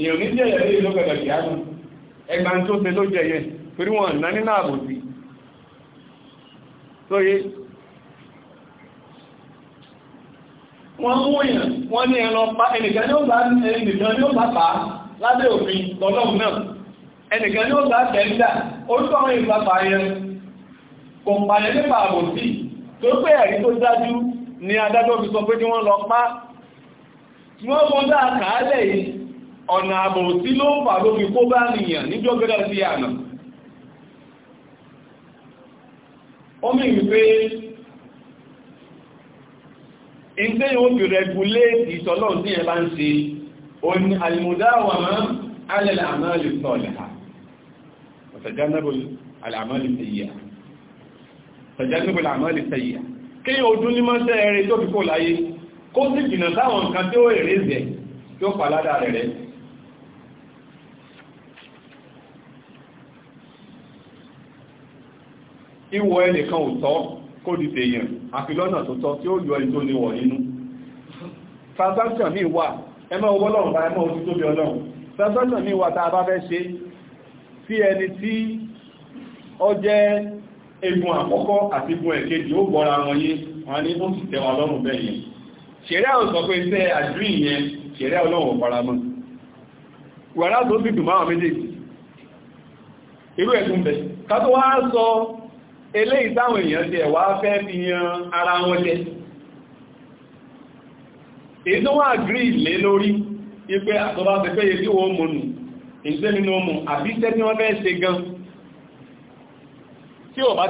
Speaker 2: èyàn ní jẹ́ ẹ̀rẹ́ ìlú ọ̀gẹ̀dẹ̀ kìánù ẹgbà tó ṣe ló jẹyẹ torí wọn ìná nínú àbòsí tóyé wọ́n mú èèyàn wọ́n ní ẹran pa ẹnìkan ní ó bá ẹnìkan ní ó bá pa lábẹ́ òfin lọ́lọ́run náà ẹnìkan ní ó bá tẹ̀lá orúkọ àwọn ìlú bàbá yẹn kò pààyàn nípa àbòsí tó pé ẹ̀rí tó dájú ni adájọ́ fi sọ pé kí wọ́n lọ pa tí wọ́n mọ́ dáa kàálẹ̀ yìí ọ̀nà àbò tí ló ń fà ló fi kó bá nìyàn níjọ́ gẹ́gẹ́ sí àná ó mì wípé ìgbé yóò fi rẹ̀gúléètì ìtọ́lọ̀ tí ẹ bá ń ṣe òní àlìmọ̀dáwà máa alẹ́lẹ̀ àmàlì kó sì jìnà sáwọn nǹkan tí ó èrè zẹ̀ tí ó pàládà rẹ̀ rẹ̀ ìwọ ẹnìkan ò tọ́ kó di tèèyàn àfi lọ́nà tó tọ́ tí ó yọ ẹni tó níwọ̀ nínú transaction mi wà ẹmọ́ owó lọ́rùn bá ẹmọ́ ojú tó bí ọlọ́run transaction mi wà tá a bá fẹ́ ṣe sí ẹni tí ó jẹ́ egun àkọ́kọ́ àti egun ẹ̀kejì ó gbọ́ra wọn yé wọn ni ó sì tẹ́wà lọ́rùn bẹ́yìn ṣẹ̀rẹ́ àwọn sọ pé iṣẹ́ àdúrí ìyẹn ṣẹ̀rẹ́ ọlọ́run paramọ́ wàrá tó sì dùn máa méjèèjì irú ẹ̀kún bẹ̀ kátó wá sọ eléyìí táwọn èèyàn jẹ wá fẹ́ fi yan ara wọn jẹ èyí tó wá àdúrí ìlé lórí ipẹ́ àtọ́bá fẹ́ fẹ́ yẹ tí wọ́n mọ̀ nù ìṣẹ́ nínú ọmọ àbí iṣẹ́ tí wọ́n fẹ́ ṣe gan tí ọba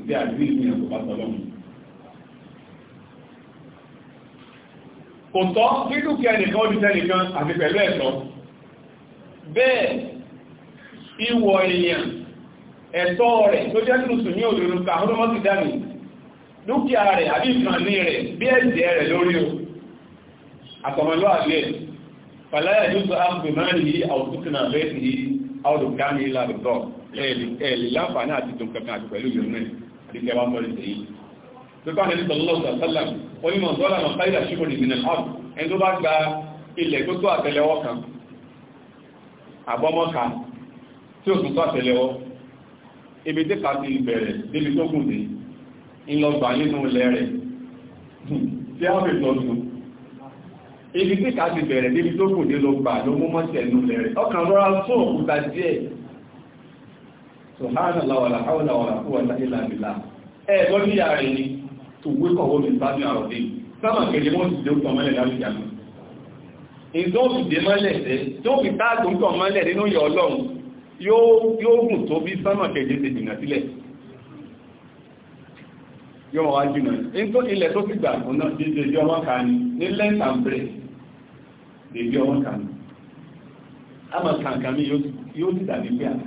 Speaker 2: ìgbé àdúgbò ìlú yẹn kò bá tọ́ lọ́mù. kò tọ́ kí dúkìá nìkan ojú tẹ́nìkan àti pẹ̀lú ẹ̀tọ́ bẹ́ẹ̀ ìwọ̀ èèyàn ẹ̀tọ́ rẹ̀ tó jẹ́ tuntun ní òdòdó ká àwọn ọmọ ti dànù dúkìá rẹ̀ àbí ìfàní rẹ̀ bí ẹ̀jẹ̀ rẹ̀ lórí o àtọ̀mọlúwàbí ẹ̀ fàlàyà yóò ah, tó ápù mẹ́rin yìí àwòtútùnà bẹ́ẹ̀ sí àwòdùkámi ìlàdọ̀dọ̀ ẹ̀lì láǹfààní àti tòǹkankan àti pẹ̀lú yóò mẹ́rin àdíkẹ́ bá sọ́rí sí yìí pípa ní sọlọ́lọ́ sàtàlà onímọ̀ sọ́lá mọ̀ káìlà ṣíkòrì ìdínà ààbò ẹni tó bá gba ilẹ̀ tó tó àtẹ́lẹwọ́ kan àbọ́mọ́ka tí ó tún tó àtẹ́lẹwọ́ ibi tí kà ti bẹ̀rẹ̀ débi tó gùn dé lọ gbà ló mú mọ́sẹ̀ nínú ilẹ̀ rẹ̀ ọkàn rọra tó òkúta díẹ̀ subhanallah wala hawla wala quwwata illa billah ẹ̀ gbọ́ ní yàrá ẹni tó wé kọ̀wọ́ mi bá ní àrọ̀dé sábà kẹ̀lé wọ́n ti dé ọkọ̀ mọ́lẹ̀ láti jàmù ìjọ fi dé mọ́lẹ̀ tẹ́ tó fi táàtò ń kọ̀ mọ́lẹ̀ nínú yọ ọlọ́run yóò gùn tó bí sábà kẹ̀lé ti jìnà sílẹ̀ yóò wá jìnà ilẹ̀ tó fi gbà fún náà jíjẹ bí ọmọ kan ní length and breadth lè bí ọmọ kan ní àmọ̀ kankan mi yóò ti dàbí pé àná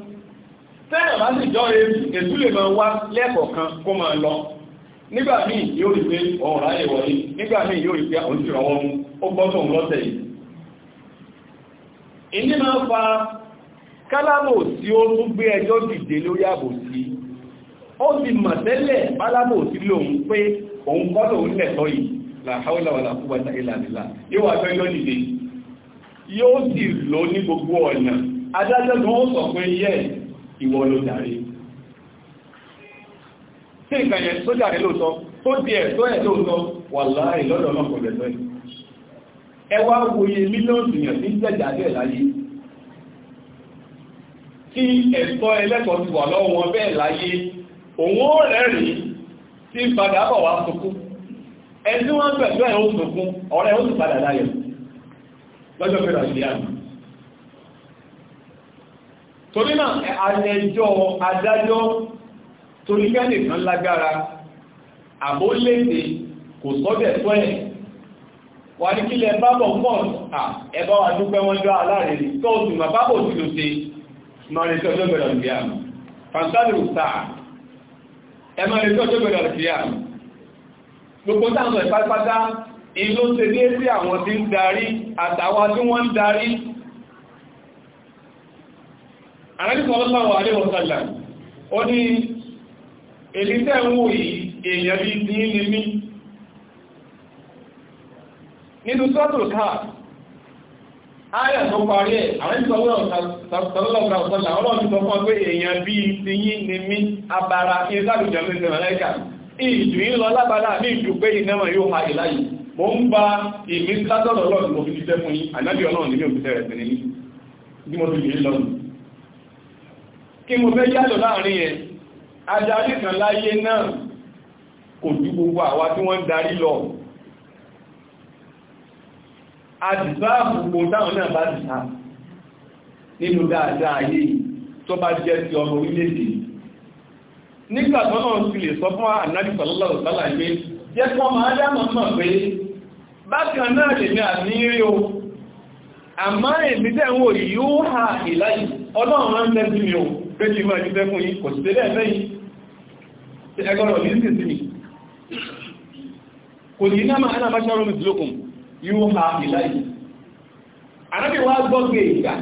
Speaker 2: tẹ́lẹ̀ bá sì jọ èsù lè máa wá lẹ́ẹ̀kọ̀ọ̀kan kó máa lọ nígbà míì yóò rí pé ọ̀rọ̀ ayé wọlé nígbà míì yóò rí pé òjìrànwọ́ mú ó gbọ́tọ̀ lọ́tẹ̀ yìí ìní máa fa kálábò tí ó tún gbé ẹjọ́ dìde lórí àbòsí ó ti mọ̀ tẹ́lẹ̀ bálábò sí lòun pé òun gbọ́tọ̀ òun lẹ̀tọ́ yìí làháwọ́láwọ́lá fún wáta ìlànìlà yóò wá fẹ́jọ́ dìde yóò sì lò ní gbogbo ọ̀nà adájọ́ tó ń sọ pé yẹ́ ìwọ ló jàre tí nǹkan yẹn tó jàre lóòótọ́ tó di ẹ̀tọ́ ẹ̀ lóòótọ́ wà láàrín lọ́dọ̀ náà kò lẹ̀tọ́ ẹ̀ ẹ wá wòye mílíọ̀nù yẹn tí ń jẹ̀jà bẹ́ẹ̀ láyé tí ẹ̀tọ́ ẹlẹ́kọ̀ọ́ ti wà lọ́wọ́ wọn bẹ́ẹ̀ láyé òun ó rẹ́rìn tí padà bọ̀ wá sunkún ẹni wọ́n pẹ̀lú ẹ̀ ó sunkún ọ̀rẹ́ ó sì padà láyọ̀ lọ́jọ́ fẹ́ràn ìyá mi torí náà àyẹjọ́ adájọ́ torí kẹ́nìkan lágbára àbó léde kò sọ́bẹ̀ tó ẹ̀ wà ní kílẹ̀ bábọ̀ pọ̀ ẹ̀bá wa dúpẹ́ wọn jọ aláàrẹ̀ tó sì mà bábọ̀ sí ló ṣe máa retí ọjọ́ bẹ̀rẹ̀ ìgbé àmì fàǹtàlì òsà ẹ máa retí ọjọ́ bẹ̀rẹ̀ ìgbé àmì gbogbo ìlú ṣe dé sí àwọn tí ń darí àtàwọn tí wọ́n ń darí alájúsọ̀lọ́láwọ̀ alẹ́wọ̀sálà ó ní èlítẹ́ ń wò yìí èèyàn bí ní ilé mí nínú sọ́tùl káà áyà tó parí ẹ̀ alájúsọ̀lọ́láwọ̀sálà ọlọ́run sọ fún pé èèyàn bí ti yí ni abara kí sáàlùjọ́ mẹ́sẹ̀ mẹ́lẹ́kà ìjù ń lọ lábàlá ní ìjù pé ìnáwà yóò ha ìláyì mo ń bá ìmí sátọ̀lọ́lọ́run mo fi jíṣẹ́ fún yí ànábì ọlọ́run ní mi kí mo fẹ́ yàtọ̀ láàrin ẹ̀ adarí kan láyé náà kò ju gbogbo àwa tí wọ́n darí lọ àdìsáàbù kò táwọn náà bá dìsá nínú dáadáa ayé tó bá jẹ́ ti ọmọ orílẹ̀-èdè nígbàtọ́ náà sì lè sọ fún ànábì sallallahu sálà pé jẹ́ kọ́ máa dámọ̀ mọ̀ pé bákan náà lè ní àníírí o àmá èmìdẹ̀ ń wò yíó ha ìláyìí ọlọ́run rán lẹ́bí mi o pé kí máa jùfẹ́ fún yín kò sí tẹ́lẹ̀ ẹ̀fẹ́yìn tí ẹgbọ́rọ̀ ní sísìnì kò ní náà máa anábáṣọ́rọ̀ mìtìlókùn yíó ha ìláyì anábì wá gbọ́gbẹ̀ ìgbà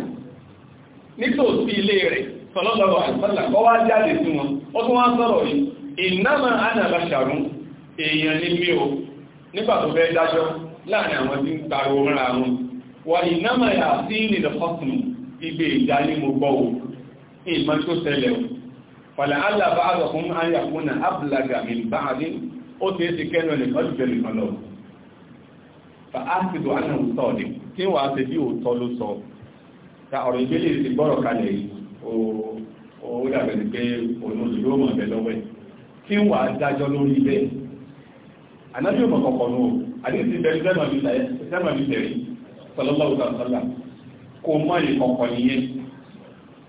Speaker 2: nítòsí ilé rẹ̀ sọlọ́lọ́rọ̀ àìsọ́lá kọ́ wá jáde sí wọn ó tún wá sọ̀rọ̀ yìí ìnáma anábáṣọ́rọ̀ èèyàn ní mí o nígbà tó fẹ́ dájọ́ láàrin àwọn tí ń pariwo mọ́ra wọn wà ìnáma yà sí ìlẹ̀ fọ́sùn ibè ìdá ní mo gbọ́ òun ìmọ̀ tó tẹ́lẹ̀ o fàlẹ̀ alábà àgbàkún ayàkúnnà abúlága mìírànbáàdé ó ti é ti kẹ́lọ nìkan jù jẹ́lì kan lọ fa á ti dùn ánà òótọ́ ni tí wàá ṣe bí òótọ́ ló sọ ta ọ̀rọ̀ ìgbélé ti gbọ́rọ̀ kalẹ̀ yìí ó dàbẹ̀ ni pé òun òṣèlú ó mọ̀ bẹ́ẹ̀ lọ́wọ́ ẹ̀ tí wàá dájọ́ lórí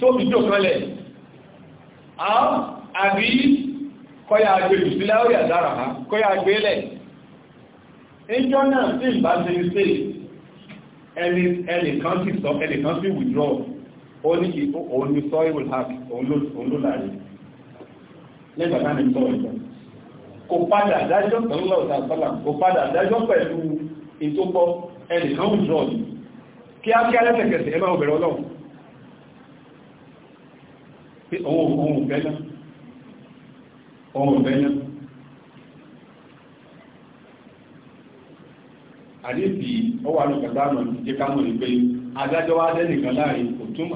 Speaker 2: tó fi jò kanlẹ̀ àbí kọ́yà agbèrè sílẹ̀ orí àdára kọ́yà agbélẹ̀ ẹjọ́ náà sí ìbáṣe ṣe ẹnìkan sí sọ ẹnìkan sí withdraw ó ní ìpò òun ní sọ ìwòl hack òun ló láàrin lẹ́gbàtà ní sọ ìjọ kò padà dájọ́ pẹ̀lú lọ́ta sọ́là kò padà dájọ́ pẹ̀lú ìtópọ̀ ẹnìkan withdraw kíákíá lẹ́sẹ̀kẹsẹ̀ ẹ pé òun òun fẹ́ náà òun fẹ́ náà àdébì ọwọ́ alùpàdánù jẹ́ kámọ̀ ní pé adájọ́ wá dẹ́nìkan láàrin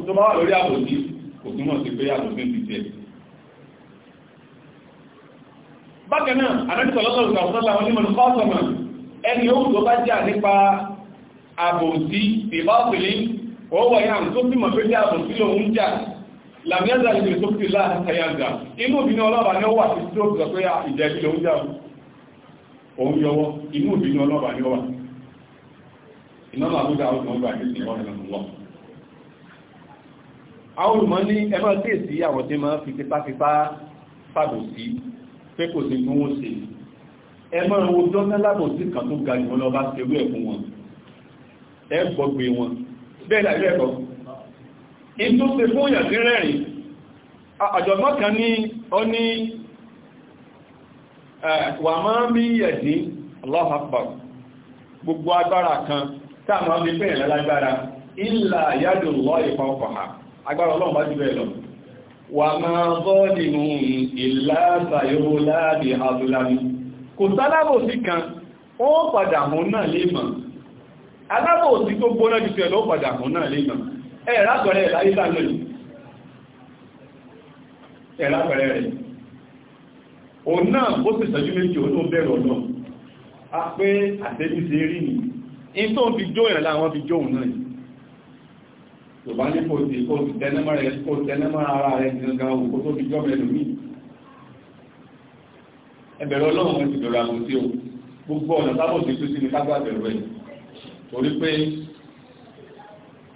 Speaker 2: tó bá wà lórí àbòsí kò túmọ̀ sí pé àbòsí ti tẹ̀ bákan náà àdájọ́sọ̀lọ́sọ̀ ìgbàwọ́sọ́lá wọn ní mọ̀ lọ́sọ̀mọ̀ ẹni ó tó bá jà nípa àbòsí ìbáwọ̀pẹ̀lẹ́ ọwọ́ ìhàn tó bímọ̀ pé jẹ́ àbòsí lòun jà làmìlẹ́dà ilé tó fi láàrín àyàgbà inú òbínú ọlọ́bà ni ó wà sí stroke sọ pé ah, ìjẹ̀bí ló ń jáun òun yọwọ́ inú òbínú ọlọ́bà ni ó wà ìnáwó àbúgbà ọdún ọgbà ní ìwọ̀n ìrànlọ́ àwọn olùmọ́ ní ẹgbẹ́ kéèsì àwọn tí máa fi tipátipá fàbò sí pé kò sí in tó ṣe fún ìyàtí rẹ̀rìn àjọ̀gbọ́n kan ní ọ ní wà máa ń bí ẹ̀dí Allahu Akbar gbogbo agbára kan táà máa ń bí bẹ́ẹ̀ lágbára ìlà yàdù lọ ìfọ́fọ́ha agbára ọlọ́run bá jù bẹ́ẹ̀ lọ ẹ̀ lápẹ̀rẹ̀ láyé sáàlẹ̀ ẹ̀ lápẹ̀rẹ̀ rẹ̀ òun náà ó sì sọ́jú méjì ó tó bẹ̀rẹ̀ ọ̀nà a pé àtẹ́bí sí rí ni in tó fi jó ìrìn láwọn fi jó òun náà tó bá ní kò sí kò sí tẹ́lẹ́mọ́ ara rẹ̀ gangan òkú tó fi jọ́ mẹ́lú mi ẹbẹ̀rẹ̀ ọlọ́run ti bẹ̀rẹ̀ àbòsí o gbogbo ọ̀nà tábòsí tó sí ní kágbà bẹ̀rẹ̀ torí pé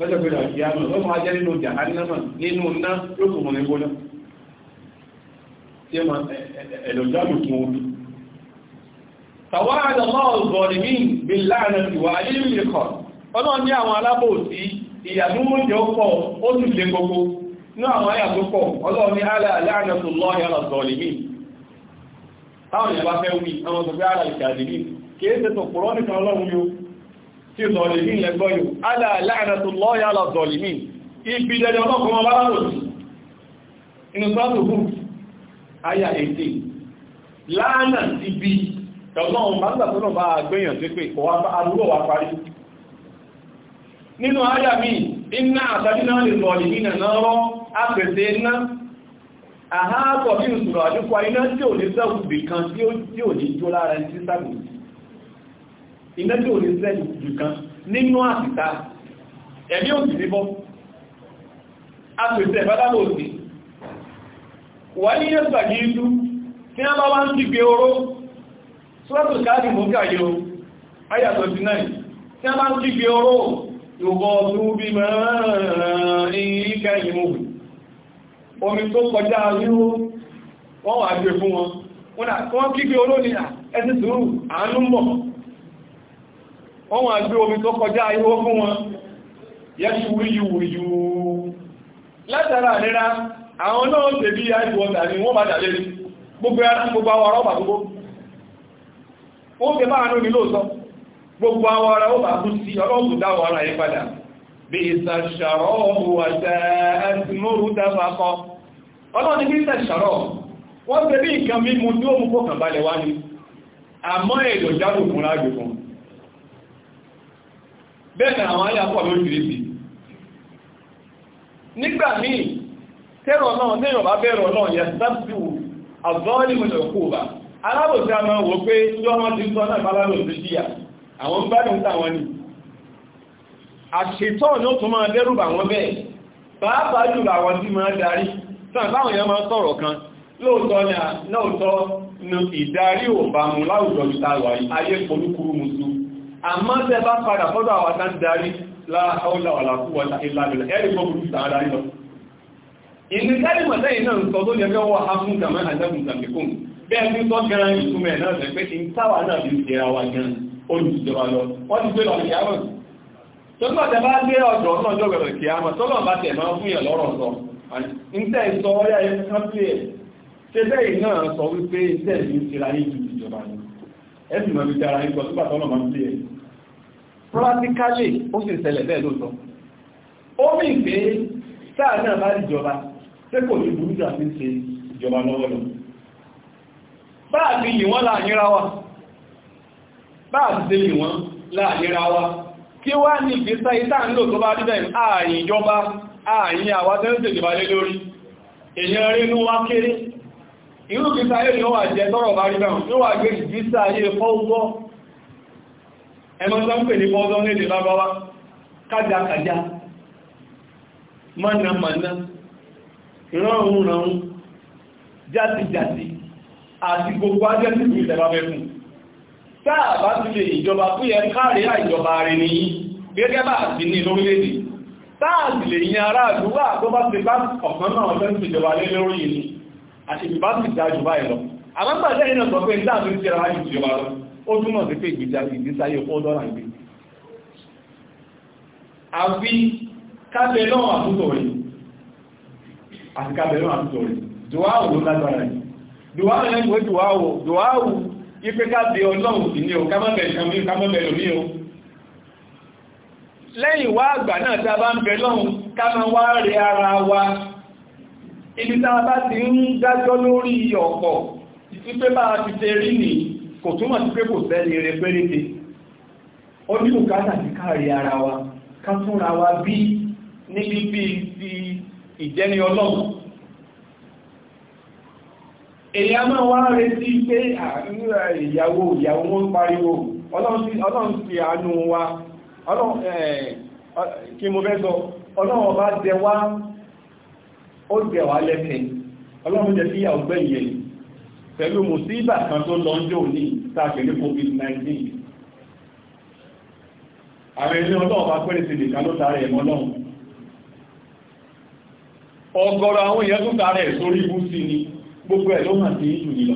Speaker 2: lọ́jọ́ pé ìdàgbé àmọ́ lọ́mọ ajá nínú jàhánámà nínú ná yóò kò mọ̀ ní gbóná tí ó máa ẹ̀lọ́jáàmù kún omi tàwárà àdàmọ́ ọ̀gbọ̀nì mí bí láàrin ìwà ayé ìrìnkọ̀ ọlọ́run ní àwọn alábòsí ìyàmú oúnjẹ pọ̀ ó sì lè gbogbo ní àwọn ayà tó pọ̀ ọlọ́run ní àlà àlànà tó lọ́ yàrá ọ̀gbọ̀nì mí táwọn ìyàbá fẹ́ wí àwọn ọ̀gbọ̀n tí zọ̀lìmí yẹn gbọ́ yìí aláàlẹ́rẹ̀tù lọ́yà lọ zọ̀lìmí ibi dẹ̀dẹ̀ ayà èdè láàánà bá nígbàtọ́nà bá gbẹ̀yàn ayà iná àtàdínà lè zọ̀lìmí ìsùrọ̀ àdúkwà iná tí ò ní bìkan tí ò ní jó lára ẹni tí iná tí ò ní sẹ́yìn jù kan nínú àtìta ẹ̀mí ò sì níbọ́ apèsè ìbádábò sí wà ní yẹ́sà ní ìlú tí a bá wá ń ti gbé oró sọ́tò káàdì mọ́kàyẹ o ayà 29 tí a bá ń ti gbé oró yóò tún bí mẹ́rin omi tó kọjá ríro wọ́n wà gbé fún wọn wọ́n kígbé oró ní ẹ̀sìn sùúrù àánú mọ̀ wọ́n wọ́n gbé omi tó kọjá ihò fún wọn yẹ́sù wíyú wíyú látara àríra àwọn náà tè bí ice ni wọ́n bá dà lérí gbogbo ara gbogbo àwọn ọ̀rọ̀ bà gbogbo ó tẹ bá àánú ní lóòtọ́ gbogbo àwọn ọ̀rọ̀ ó bà kú sí ọlọ́pù dáwọ̀ ara yí padà bí ìsàṣàrọ̀ ọ̀hún àṣà ẹ̀sìnmóru dáfà kọ bẹ́ẹ̀ ni àwọn ayà pọ̀ lóríṣìíríṣìí nígbà míì tẹ́rọ náà tẹ́yàn bá bẹ̀rọ náà yẹ sáàtù àzọ́ọ́lìmọ̀lẹ̀ òkúba alábòsí àmọ́ wò pé tí ọmọ ti sọ náà bálábò sí díà àwọn ń bádùn táwọn ni àṣetọ́ ní ó tún máa dẹ́rù bà wọ́n bẹ́ẹ̀ pàápàá jùlọ àwọn tí máa darí sàn ni ìdarí ò bá mu ayé polúkúrú musu àmọ́ tẹ́ bá padà fọ́dọ̀ àwọn tán darí láàáwọ́lá ọ̀làkúwọ́lá ìlànà ẹ̀rí gbogbo ìtàrí lọ ìrìnkẹ́lì mọ̀lẹ́yìn náà ń sọ tó jẹ́ wọ́n ha fún gàmẹ́ àjẹ́gùn tàbíkùn bẹ́ẹ̀ tí tọ́ gẹ́rẹ́ ìtumẹ̀ náà rẹ̀ pé ìtawà náà bí jẹra wa gan olùjọba lọ wọ́n ti gbé lọ sí àmọ́ tọ́lọ́ tẹ bá gbé ọ̀dọ̀ náà jọ bẹ̀rẹ̀ sí àmọ́ tọ́lọ́ bá tẹ̀ máa fún yẹn lọ́rọ̀ sọ nígbẹ́ ìsọ ọyá ẹ kán pé ẹ̀ ṣe bẹ́ẹ̀ náà sọ wípé iṣẹ́ ìlú ti ra yìí ju ìjọba ni ẹ sì mọ̀ mi dára ikọ̀ tó bàtọ́ náà máa ń pè é practically ó sì ṣẹlẹ̀ bẹ́ẹ̀ lóòtọ́ ó mì pé sáà náà bá ìjọba tí kò ní burú jà sí ṣe ìjọba lọ́wọ́ lọ báàbí yìí wọ́n láàyíra wa báàbí yìí wọ́n láàyíra wa kí wá ní ìgbésẹ̀ ìta ń lò tó bá rí bẹ́ẹ̀ ààyìn ìjọba ààyìn àwọn tẹ́lẹ̀tẹ̀ ìjọba lé lórí èyàn rí inú wá kéré irú ìgbésẹ̀ ayé ni ó wà jẹ́ tọ́rọ̀ bá rí bẹ́ẹ̀ ẹmọ tó ń pè ní bọ́ọ̀dọ́ lédè lábáwá kájàkájá mọ́nàmọ́ná rọrùn-ún játijàti àti gbogbo ajẹ́sì fún ìjọba mẹ́fún táà bá ti lè ìjọba fún yẹ káàrí àìjọba rẹ̀ ní gẹ́gẹ́ bá ti ní lórílẹ̀-èdè táà sì lè yìn ará àdúgbà tó bá ti bá ọ̀kan náà fẹ́ sí ìjọba lé lórí yìí àti ìbá ti dájú báyìí lọ àmọ́gbàjẹ́ ìrìnà sọ pé ìdáàmì ti ra ìjọba lọ ó túmọ̀ sí pé ìgbésáyé ó dọ́rà ìgbé àfi kábẹ̀ náà àtúntọ̀ rẹ̀ àti kábẹ̀ náà àtúntọ̀ rẹ̀ dùwáwò ló lágbára rẹ̀ dùwáwò rẹ̀ pé dùwáwò dùwáwò ipé kábẹ̀ ọlọ́run sí ní o kámọ́bẹ̀ lẹ́yìn wá àgbà náà tí a bá ń bẹ lọ́hun ká máa wá rẹ ara wa ibi tá a bá ti ń dájọ́ lórí ọ̀pọ̀ wípé bá a ti ṣe rí nìyí kò túnmọ̀ sí pé kò sẹ́ni rẹ̀ ní bùkátà sí káàrí ara wa ká túnra wa bí níbi bí ti ìjẹni ọlọ́run èyí máa wá pé ìyàwó ìyàwó wọn pariwo ọlọ́run àánú wa kí mo bẹ́ sọ ọlọ́run ọba jẹ wá ó jẹ ọlọ́run jẹ pẹ̀lú mùsíbà kan tó lọ ń jò ní sáàkẹ́ ní covid-19 ààrẹ ilé ọlọ́run bá pẹ́rẹ́ sí nìkan ló tààrẹ ẹ̀mọ́ náà ọ̀gọ̀rọ̀ àwọn èèyàn tó tààrẹ ẹ̀ sórí ibú sí ni gbogbo ẹ̀ ló hàn sí ìjù nílọ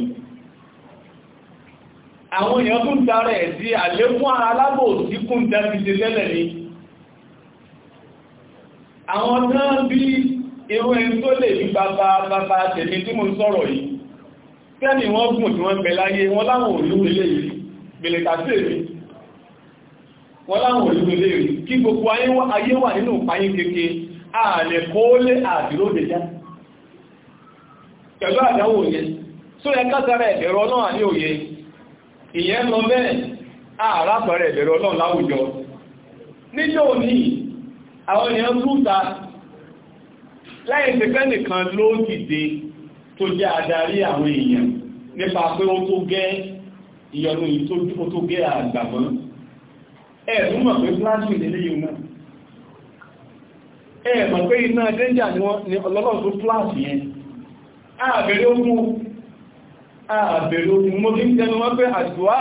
Speaker 2: àwọn èèyàn tó tààrẹ ẹ̀ sí àlékún alábò sí kún dábìdì lẹ́lẹ̀ ni àwọn náà bí irú ẹni tó lè bí bàbá bàbá tẹ̀mí tí mo sọ̀rọ̀ yìí kẹ́ni wọ́n gùn tí wọ́n ń bẹ láyé wọ́n láwọn olúwelé rí bèlè tàbí rí wọ́n láwọn olúwelé rí kí gbogbo ayé wà nínú payín keke ààlẹ̀ kó lé àdìróde pẹ̀lú àdáwò yẹn só yẹ kátara ní òye ìyẹn lọ bẹ́ẹ̀ àrápẹ̀rẹ̀ láwùjọ níjọ́ òní àwọn tó jẹ́ adarí àwọn èèyàn nípa pé ó tó gẹ́ ìyọnu yìí tó tó gẹ́ àgbàmọ́ ẹ̀rùn mọ̀ pé flashy nílé yìí náà ẹ̀ mọ̀ pé iná danger ni ọlọ́lọ́run tó flash yẹn ààbẹ̀rẹ̀ ogun ààbẹ̀rẹ̀ ogun mo fi ń tẹnu wọ́n pé àdúrà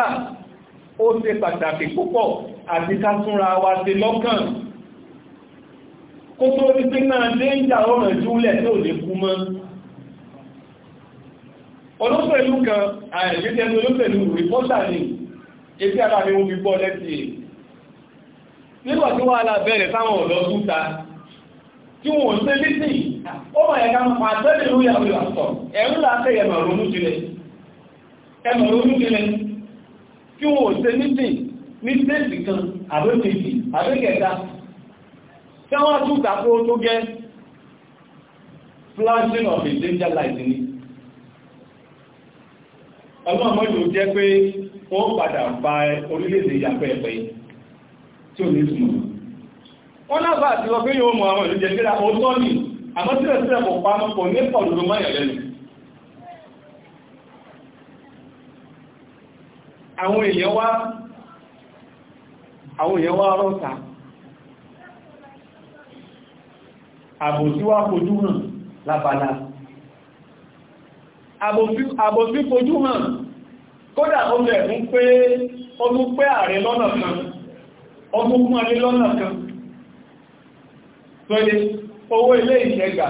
Speaker 2: ó ṣe pàtàkì púpọ̀ àti kásúnra wa ṣe lọ́kàn kó tó rí pé náà danger ọ̀rọ̀ ìjúlẹ̀ tó lè kú mọ́ olóṣèlú kan àìyíjẹ́ ní olóṣèlú rìpọ́tà ní etí ara ni wọ́n fi gbọ́ lẹ́tì ẹ̀ nígbà tí wọ́n alábẹ̀rẹ̀ táwọn ọ̀dọ́ tún ta tí wọ́n ṣe lítì ó mà ẹ̀ka pàtẹ́lẹ̀ ló yàwó ìlàsọ̀ ẹ̀rú láti ẹ̀mọ̀ ronú jinlẹ̀ ẹ̀mọ̀ ronú jinlẹ̀ tí wọ́n ṣe lítì ní tẹ́sì kan àbẹ́kẹ̀kì àbẹ́kẹ̀ta tí wọ́n tún ta kó tó gẹ́ flashing of a danger light ni ọlọ́run mọ́jú jẹ́ pé wọ́n padà ba orílẹ̀-èdè ìyàpẹ̀ẹ̀pẹ̀ tí ò ní túnmọ̀ wọ́n lábà àti lọ pé yóò mọ àwọn ìlú jẹ́gbẹ́ra òótọ́ ni àmọ́ sílẹ̀sílẹ̀ kò pa kò ní pọ̀ lórí mọ́yàn lẹ́nu àwọn èèyàn wá àwọn èèyàn wá rọ́ta àbòsí wá fojú àbòsí fojú hàn kódà ọmọ ẹ̀kún pé pé ààrẹ lọ́nà kan alé lọ́nà kan tó owó ilé ìṣẹ́gbà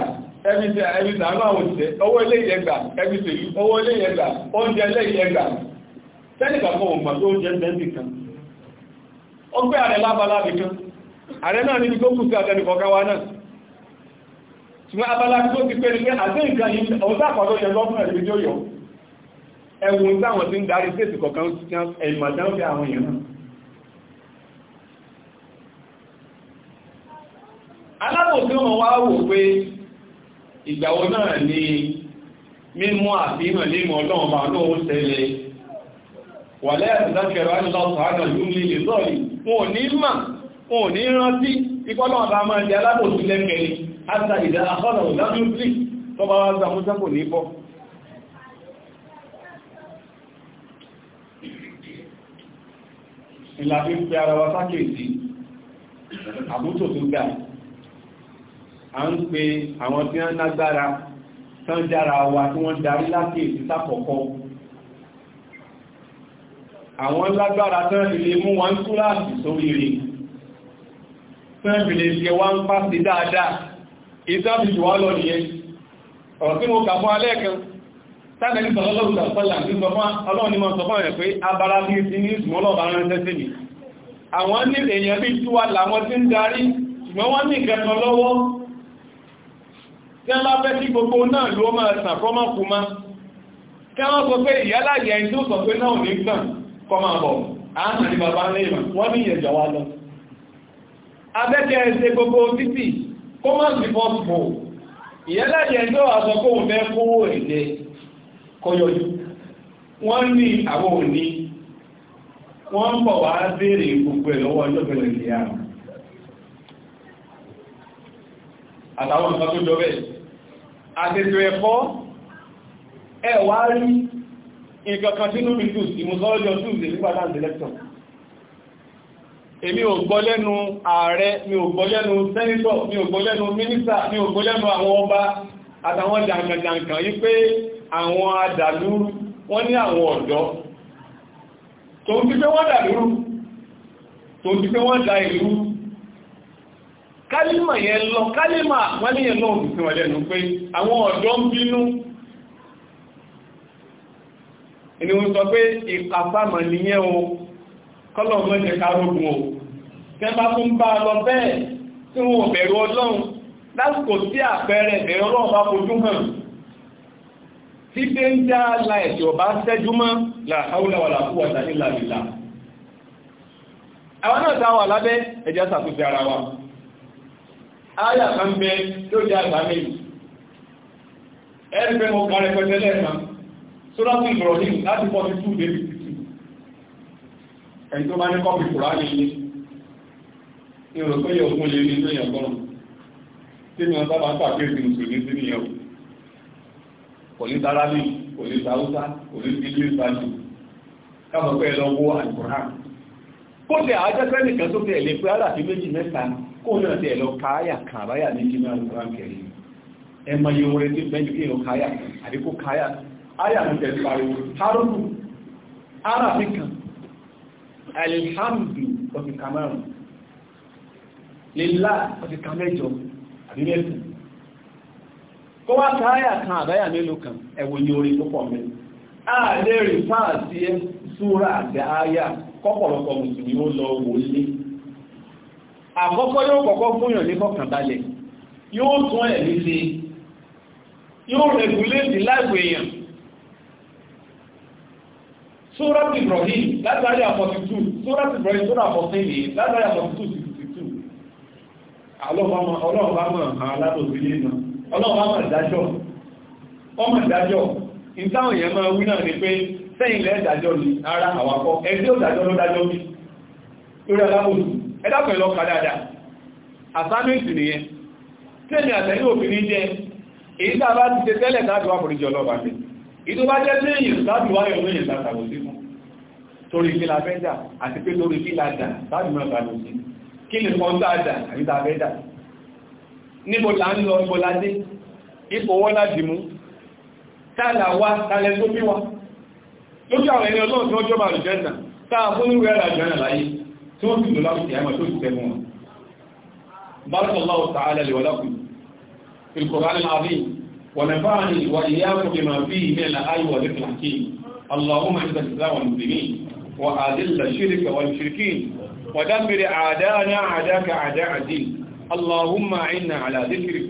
Speaker 2: ẹbíṣẹ́ ẹbíṣẹ́ àwọn òṣìṣẹ́ owó ilé ìṣẹ́gbà ẹbíṣẹ́ owó ilé ìṣẹ́gbà oúnjẹ ilé ìṣẹ́gbà tó oúnjẹ kan ọgbẹ́ ààrẹ kan ààrẹ náà níbi tó ṣùgbọ́n abala tó ti pẹ́ nílé àti nǹkan yìí ọ̀tá àpapọ̀ yẹ lọ́fún ẹ̀lú tí ó yọ ẹwùn táwọn tí ń darí sèsì kọ̀kan ẹ̀mà dáńfẹ́ àwọn èèyàn náà alábòsí wọn wá wò pé ìgbàwó náà ni mímú àfihàn nínú ọlọ́run bá náà ó tẹ́lẹ̀ wà lẹ́yìn ìdákẹ̀rọ ánìlọ́sọ̀rọ̀ àtà ìdá àkọ́nà ìdájúsí tó bá wá gbà múṣẹ́ kò ní bọ́ ìlàfí ń pe ara wa sákèsí àbútò tó gbà a ń pe àwọn tí wọ́n lágbára tán dára wa tí wọ́n darí lákèsí sákọ̀ọ́kọ́ àwọn lágbára tán ilé mú wọn túláàsì sórí rẹ̀ tán ìbìlẹ̀ ìṣẹ́ pàṣẹ dáadáa ìsáàbìjì wá lọ nìyẹn ọ̀rọ̀ tí mo kà fún alẹ́ kan sáàdẹ̀lì sọ̀lọ́lọ́rùn sàpọ̀lá ní sọ fún ọlọ́run ni mo sọ fún ẹ̀ pé abara bí ti ní ìsìmọ́lọ́bà ránṣẹ́ sí mi àwọn ní èèyàn bí túwà làwọn tí ń darí ṣùgbọ́n wọ́n ní ìkẹta lọ́wọ́ tí wọ́n bá fẹ́ kí gbogbo náà ló máa sàn kọ́ máa kú má kí wọ́n sọ pé ìyálà yẹn tó sọ pé náà ní gbà kọ́ máa bọ̀ àánà ní bàbá ńlẹ́ ìmọ̀ wọ́n ní ìyẹ̀jọ̀ wa lọ abẹ́kẹ́ ẹsẹ̀ gbogbo títì kó má sí bọ́ọ̀pù ìyẹ́lájẹ́ ẹjọ́ àṣọ kó ń fẹ́ kówó èdè kọyọjú wọ́n ní àwọn òní wọ́n ń bọ̀ wá béèrè gbogbo ẹ̀ lọ́wọ́ ọjọ́ bẹ̀rẹ̀ ìdí àrùn àtàwọn nǹkan tó jọ bẹ́ẹ̀ àtẹ̀tẹ̀ ẹ̀kọ́ ẹ̀ wá rí nǹkan kan sínú mi tù sí mo sọ́ọ́jọ́ tù sí nígbà láǹdẹ̀lẹ́tọ̀ èmi ò gbọ́ lẹ́nu ààrẹ mi ò gbọ́ lẹ́nu sẹ́nítọ̀ mi ò gbọ́ lẹ́nu mínísà mi ò gbọ́ lẹ́nu àwọn ọba àtàwọn jàǹkàjàǹkàn yí pé àwọn adàlúrú wọ́n ní àwọn ọ̀dọ́ tó ń fífẹ́ wọ́n dàlúrú tó ń fífẹ́ wọ́n dà ìlú kálímà yẹn lọ kálímà wọ́n kọ́lọ̀ mọ́ jẹ kárógun o tẹ́ bá tún bá lọ bẹ́ẹ̀ tí wọ́n bẹ̀rù ọlọ́run lásìkò tí àpẹẹrẹ bẹ̀rù ọlọ́run bá fojú hàn tí dẹ́ńdá la ẹ̀sẹ̀ ọ̀bá sẹ́jú mọ́ la hawla wala quwwata illa billah àwọn náà ta wà lábẹ́ ẹ̀já ṣàtúnṣe ara wa áyà kan bẹ tó jẹ́ àgbà méjì ẹ̀rí pé mo kàrẹ̀ láti 42 david ẹni tó bá ní kọ́pì kùránì ní ìrò pé yóò fún lè ní ilé ẹ̀gbọ́n tí ni wọ́n sábà ń pàkíyèsí mùsùlùmí sí nìyẹn o kò ní sáráàlì kò ní sáúsá kò ní sí ilé ìsájú káàmọ̀ pé lọ wó àìkùrán kó tẹ àájẹ́fẹ́ nìkan tó tẹ̀lé pé aláàfin méjì mẹ́ta kó náà tẹ̀ lọ káyà kan àbáyà méjì náà kúrán kẹrin ẹ mọ iye orin tí bẹ́ẹ̀ kí lọ káyà àdínkù káyà áyà mi tẹ̀lé pariwo alhamdu ọ̀fi kàmárùn lílá ọ̀fi kàmẹ́jọ àbí mẹ́sùn kó wá káyà kan àbáyà mélòó kan ẹ̀wọ̀n ní orí púpọ̀ mẹ́ ààrẹ rí fáà sí ẹ́ súra àti àyà kọ́pọ̀lọpọ̀ mùsùlùmí ó lọ wò lé àkọ́kọ́ yóò kọ́kọ́ fúnyàn ní kọkànbalẹ̀ yóò tún ẹ̀mí sí yóò rẹ̀gúléèdì láìpẹ̀ èèyàn Sóràtì Ibrahim látàrí àfọ̀tì 2, Sóràtì Ibrahim tó náà fọ́sí ní látàrí àfọ̀tì 2 sí 62. Ọlọ́run bá mọ̀ aládòsí ní ìmọ̀. Ọlọ́run bá mọ̀ ìdájọ́. Ọmọ ìdájọ́. Ìtàwọn èèyàn máa wí náà ni pé sẹ́yìn lẹ́ ìdájọ́ ni ara àwakọ́. Ẹgbẹ́ òdájọ́ ló dájọ́ bí. Lórí alábòsù, ẹ dákọ̀ ẹ̀ lọ́ka dáadáa. Àsámẹ́ǹtì nìyẹn. Tẹ́mi àtẹ̀yìn òfin ní jẹ, èyí tá a bá ti ṣe tẹ́lẹ̀ láti wá foríjì ọlọ́ba mi ìtò bá jẹ́ sí èyàn láti wáyé olóyìn ìtàtàwò sí fún torí kí la fẹ́ dà àti pé lórí kí la dà láti mọ́ ìbàdò sí kí lè kọ́ tá dà àti tá fẹ́ dà níbo là ń lọ ibo la dé ipò wọ́n láti mú tààlà wá tààlẹ̀ tó bí wa lókè àwọn ẹni ọlọ́run tí wọ́n jọba àlùjẹ́nà táà fún ìwé ẹ̀rà ونفعني وإياكم بما فيه من الآي والذكر الحكيم اللهم اعز الإسلام والمسلمين وأذل الشرك والمشركين ودمر أعداءنا أعداءك أعداء الدين اللهم أعنا على ذكرك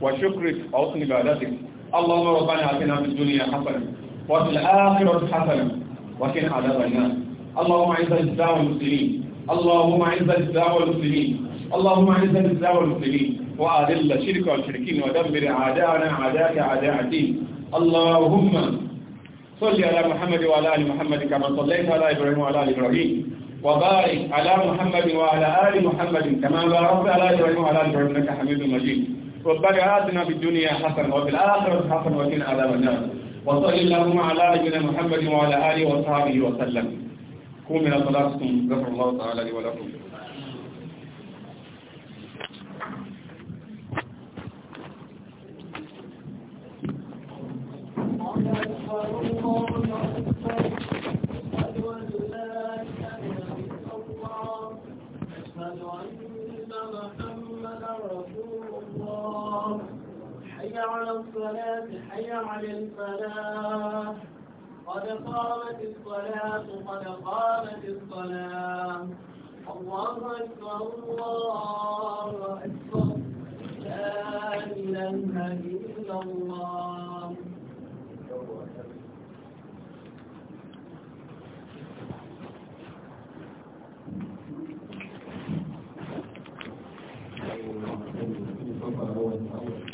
Speaker 2: وشكرك وحسن عبادتك اللهم ربنا آتنا في الدنيا حسنة وفي الآخرة حسنة وقنا عذاب النار اللهم اعز الإسلام والمسلمين اللهم اعز الإسلام والمسلمين اللهم اعز الإسلام والمسلمين وأذل الشرك والشركين ودمر أعداءنا أعداءك أعداء الدين اللهم صل على محمد وعلى آل محمد كما صليت على إبراهيم وعلى آل إبراهيم وبارك على محمد وعلى آل محمد كما باركت على إبراهيم وعلى آل إبراهيم إنك حميد مجيد ربنا آتنا في الدنيا حسنة وفي الآخرة حسنة وقنا عذاب النار وصل اللهم على نبينا محمد وعلى آله وصحبه وسلم قوموا من صلاتكم غفر الله تعالى لي ولكم
Speaker 1: على الصلاة حي على الفلاح قد قامت الصلاة قد قامت الصلاة الله أكبر الله أكبر لا إله إلا الله Thank you.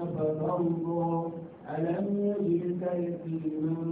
Speaker 1: فضروا ألم يجدك يتيما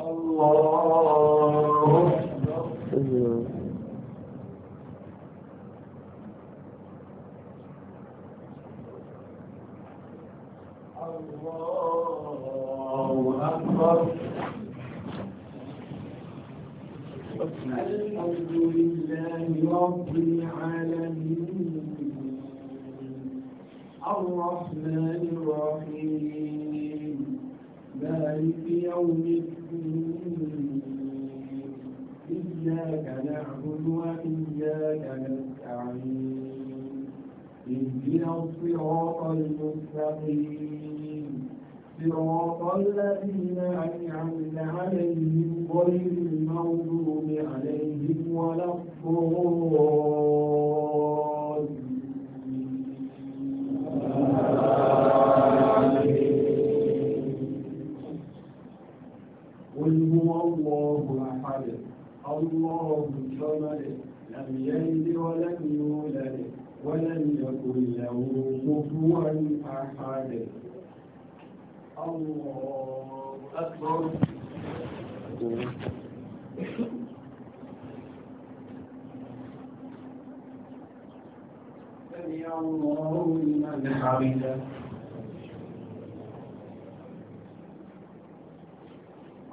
Speaker 1: الله الرحمن الرحيم مالك يوم الدين إياك نعبد وإياك نستعين اهدنا الصراط المستقيم صراط الذين أنعمت عليهم غير المغضوب عليهم ولا الضالين صمد لم يلد ولم يولد ولم يكن له كفوا أحد الله أكبر سمع الله لمن حمده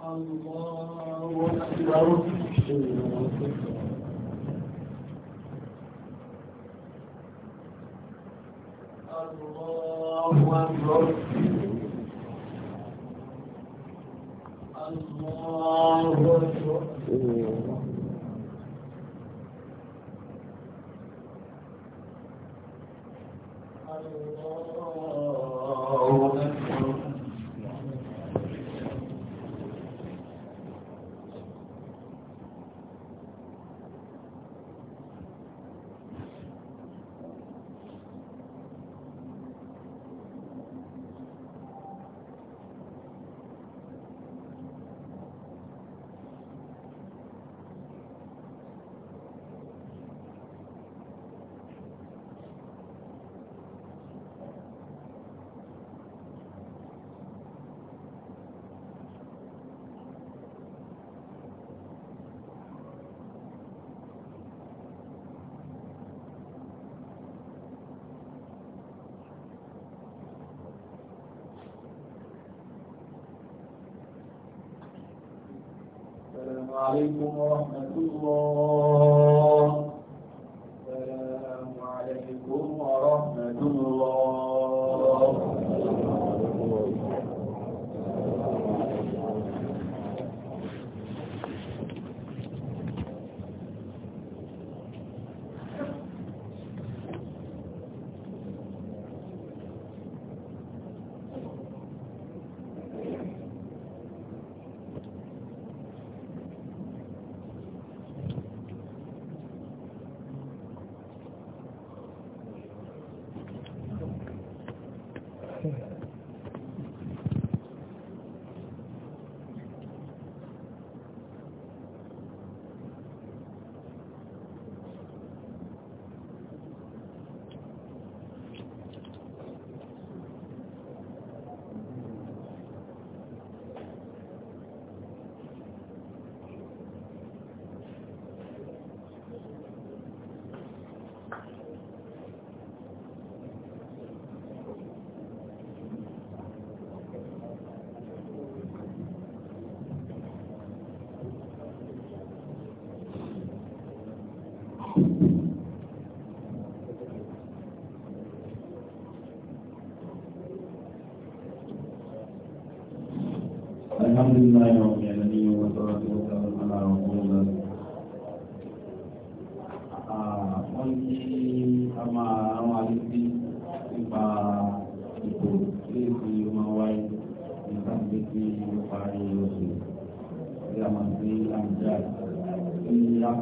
Speaker 1: الله أكبر الله أكبر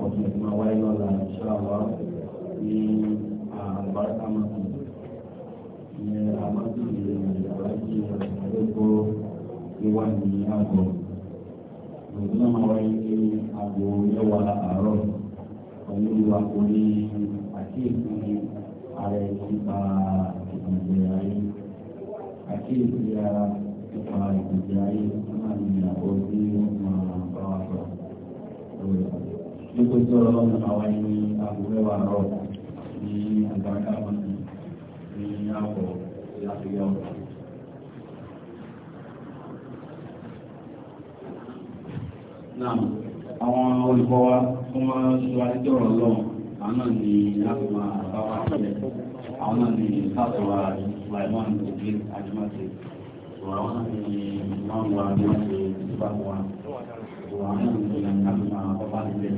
Speaker 1: àkọsílẹ̀ tó máa wáyé lọ́la ìṣàwá ní àbáríkà mọ́tò ní àmọ́tò ìrìnàjò àdókò wíwá ní àgọ́. Òtún náà máa wáyé ní àgọ́ mẹ́wàá àárọ̀ pẹ̀lú àgọ́ ní àkíyèsí ààrẹ nípa ìgbìmọ̀ ayé. Àkíyèsí ara nípa ìgbìmọ̀ ayé ní àgọ́ tí wọ́n máa bá wa sọ̀rọ̀ nípa tí ọlọ́run àwọn ẹni àgbẹ̀wà rọ̀ ní àgbàkà wọn ní àpọ̀ ìlàfíà ọ̀rọ̀. Náà, àwọn olùkọ́ wa fún wọn sọ àdíjọ́rọ̀ lọ́wọ́, àwọn ni àgbà àbáwá sílẹ̀, àwọn náà ni sáàtọ̀wà Sulaiman Obi Ajimate, àwọn náà ni Máwùwà Ajimate Ìbáwà, àwọn náà ni àgbà àbáwá sílẹ̀.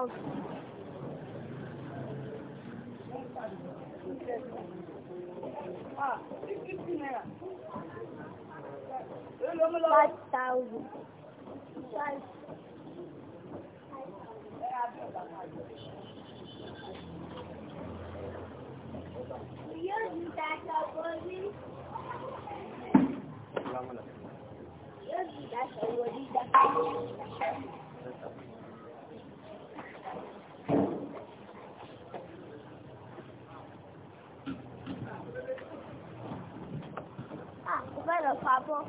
Speaker 1: Five thousand. Five. You're
Speaker 3: that already. You're that already. The Papa?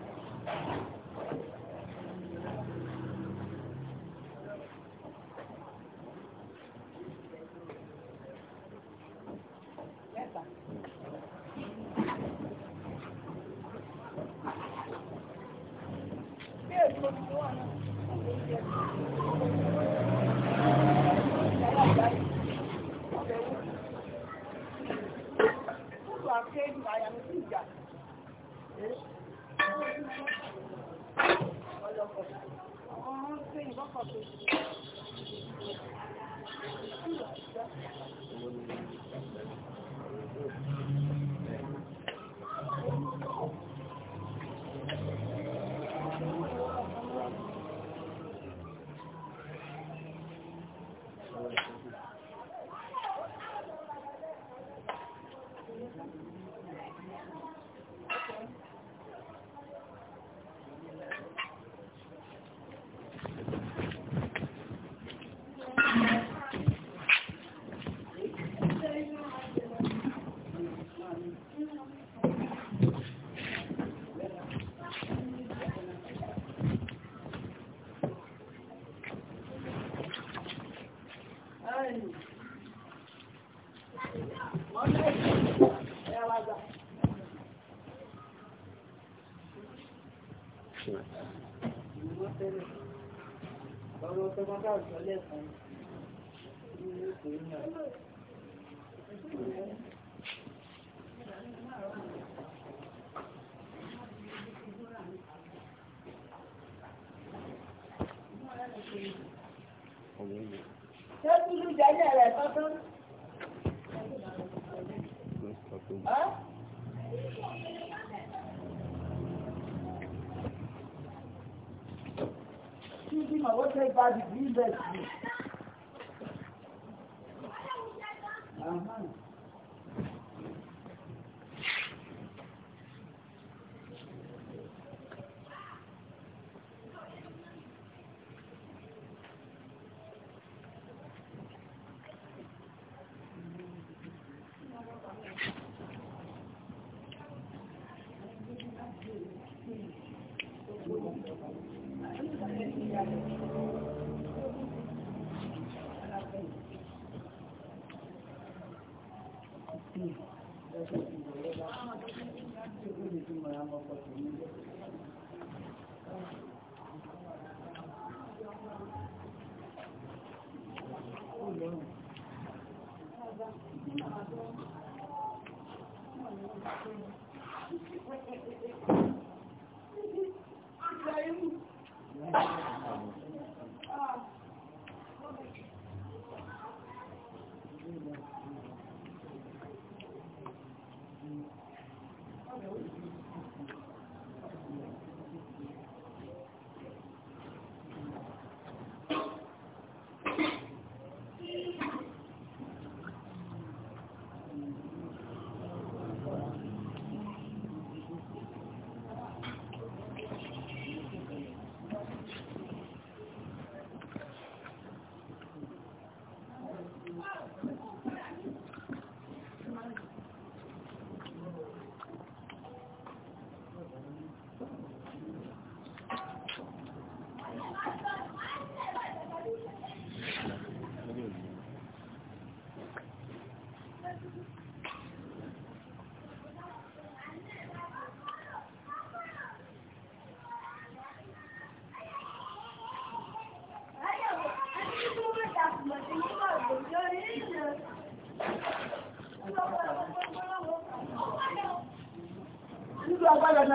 Speaker 3: Okay. Ṣé kí ló jẹ́ ilé rẹ̀ tọ́tún? victimes of whatever the grievance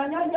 Speaker 1: no.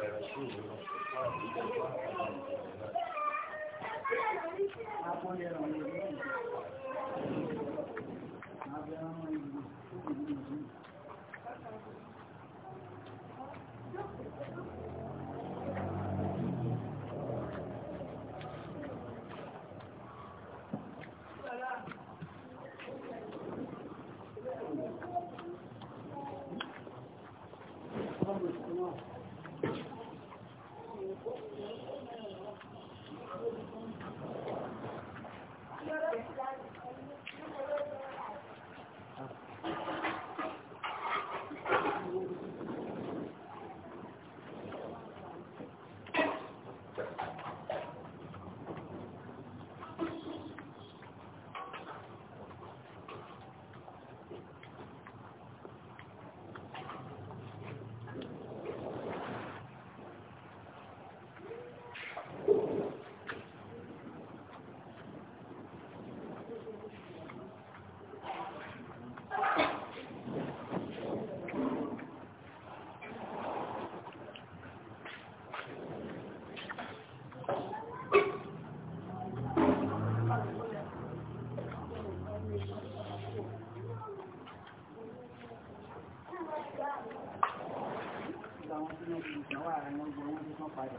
Speaker 1: Thank you. padà.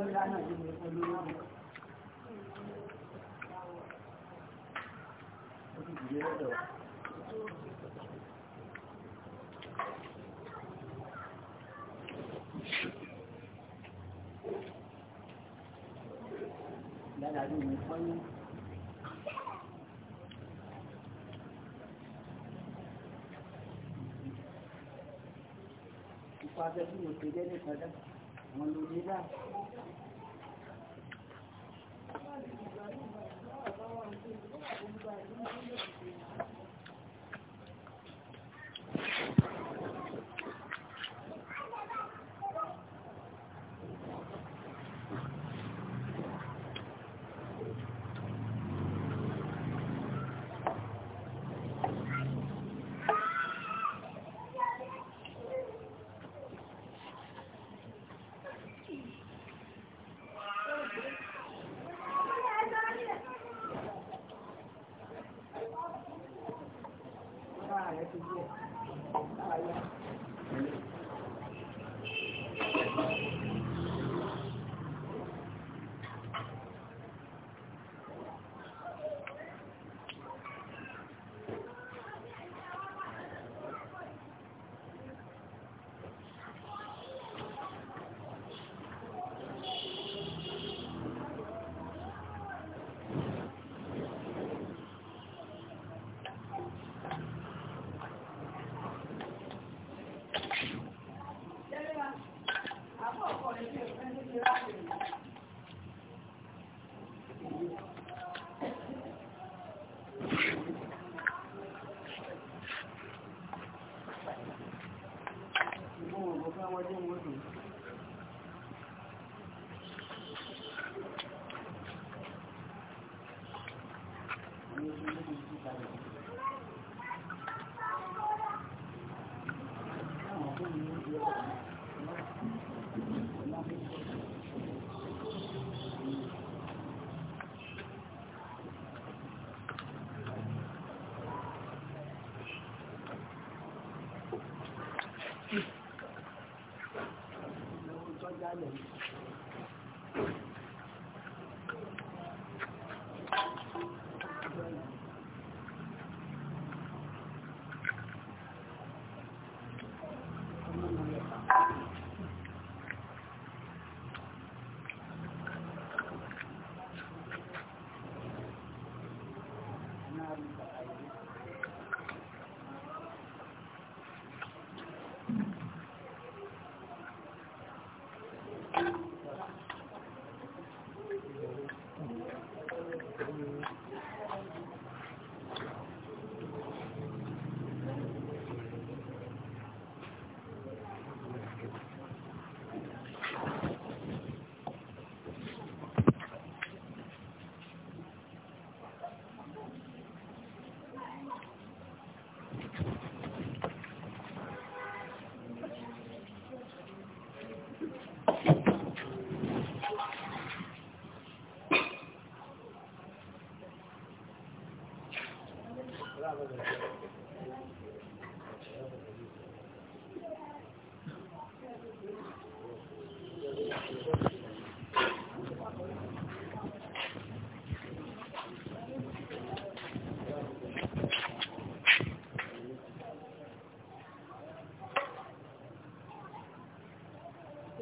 Speaker 3: Ìpàdé tí mo ti dé ní ìpàdé. Thank
Speaker 1: you. lálẹ́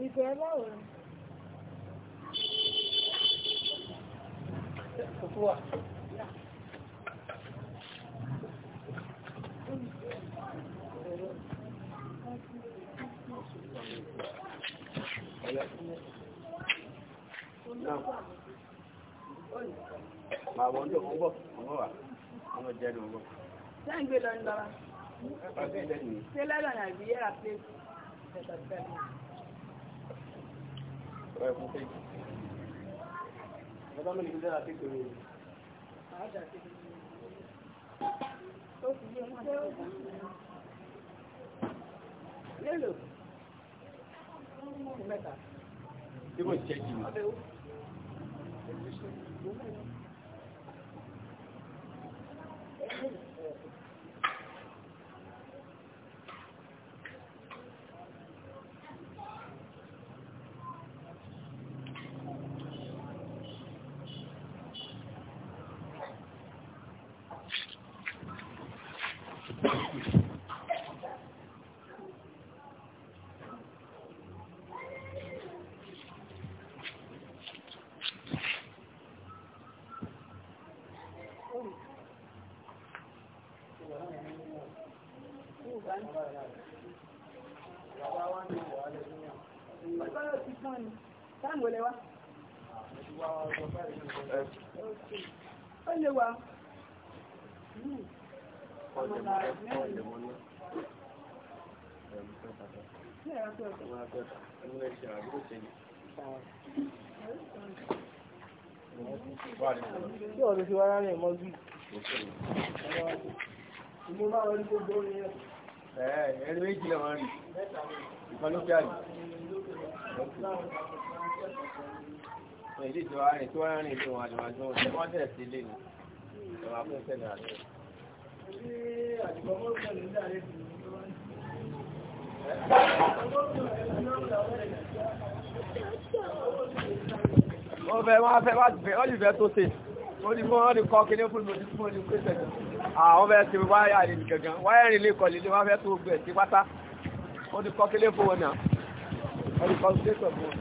Speaker 4: ìgbẹ́ báwo
Speaker 1: Màá
Speaker 2: wọ́n tó ń bọ̀, ọmọ wà, ọmọ jẹ́ ní ọgbọ̀.
Speaker 3: Ṣé ń gbé lọ ní bàbá? Ṣé lẹ́lọ́ ní àbí yẹ́ra pé Bàbá mi Thank you. yé wa
Speaker 1: Tí ọ̀dọ̀
Speaker 3: ti wá rárẹ̀ mọ́ bí? Ìgbó máa wọ́n ní gbogbo orin
Speaker 1: rẹ̀. méjì lọ wọ́n rí. Ìkan ló fẹ́ àrí èdè
Speaker 2: tó wá rìn tó wá rìn tó wọ́n fẹ́ wọ́n fẹ́ wọ́n fẹ́ tó ṣe ó ní wọ́n ní kọ́ kíní fún mi fún mi pèsè àwọn fẹ́ ti wáyà ní gangan wáyà rìn lè kọ́ lílé wọ́n fẹ́ tó gbẹ̀ sí pátá ó ní kọ́ kíní fún wọn náà ó ní fún wọn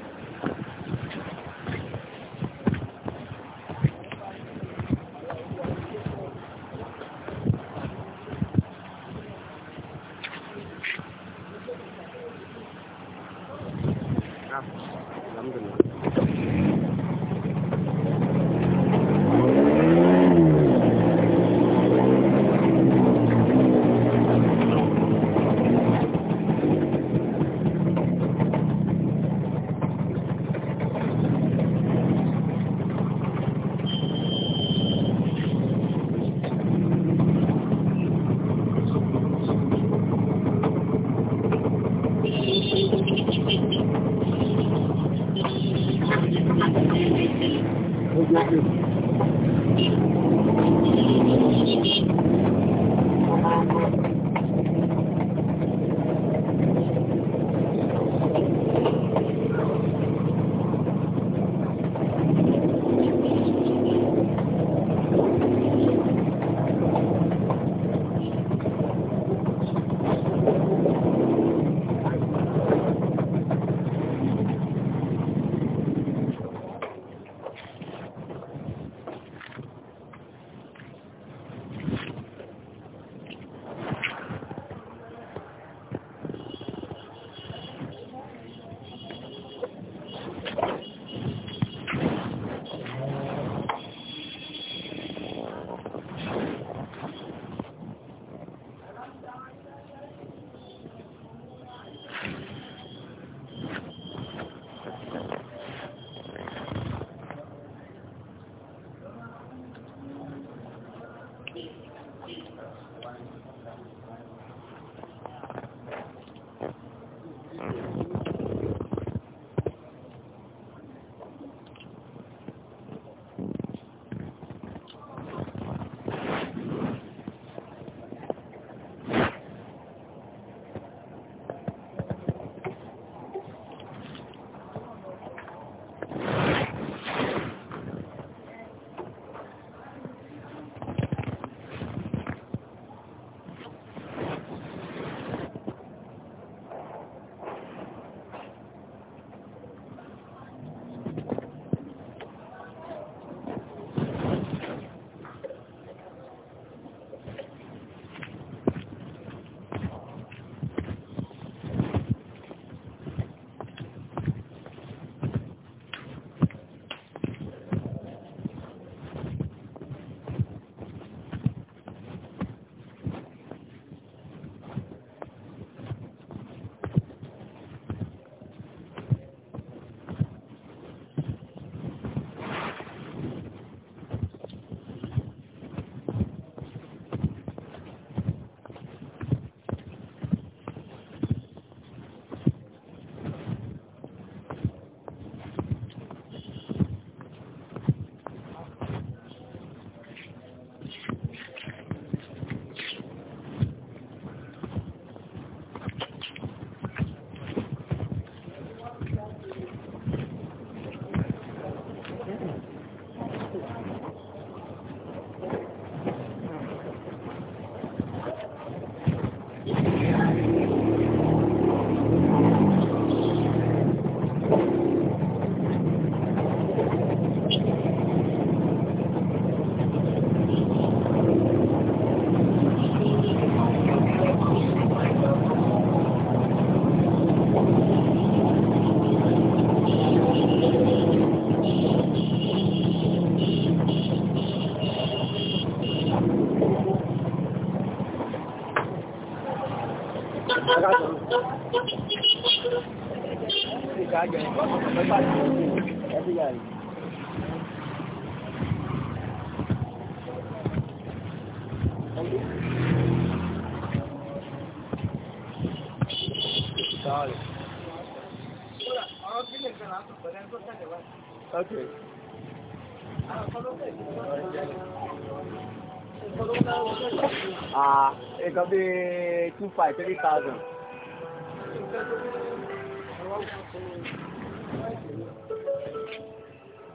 Speaker 2: five three thousand.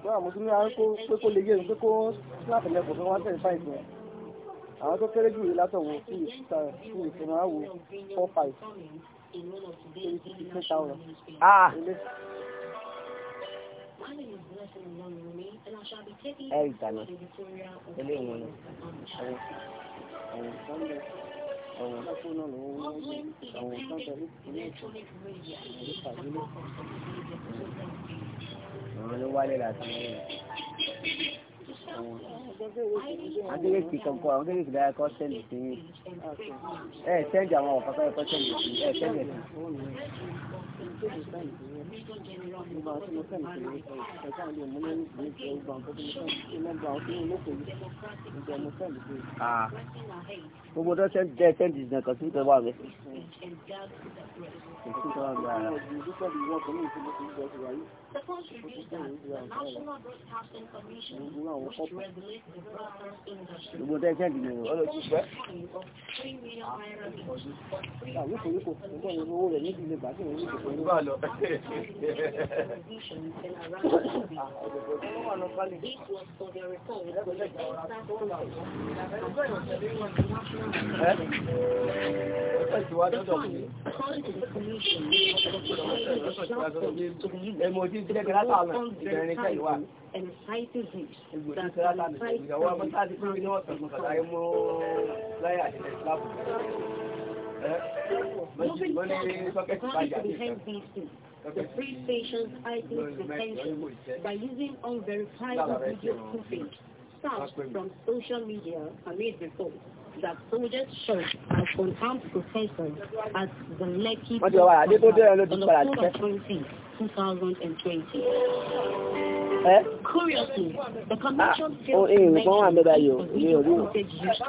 Speaker 2: báwo mùsùlùmí
Speaker 3: àwọn kó pé kó lè yé ẹni pé kó snap lẹ́kọ̀ọ́ fún one thirty five yẹn àwọn tó kéré jù látọ̀wọ̀ fún ìṣẹ̀nà àwò four five three ah! sixty three thousand. Ẹ ìdáná, eléyìí wọn ni
Speaker 1: ọ̀rọ̀ lápò náà ló ní ìpàdé àwọn ló wálé àwọn Adéyèsí
Speaker 3: dára kọ́ sẹ́ndì sí yín. Ẹ sẹ́ndì àwọn ọ̀kankan ẹ̀kọ́ sẹ́ndì sí Ẹ sẹ́ndì gbogbo tó sẹ́ńtì jẹ́ sẹ́ńtì ìsìnà kan sí ìtọ́wà rẹ̀. The contribution that National Broadcasting Commission was to regulate the broadcast And cited this that the fight Moving forward, God is behind these two. The free stations items detention by using unverifiable video footage sourced from social media amid reports that soldiers shot and confirmed protesters at the Lekki on October 20, 2020. Eh? Curiously, the connection ah, failed oh, eh, to mention the used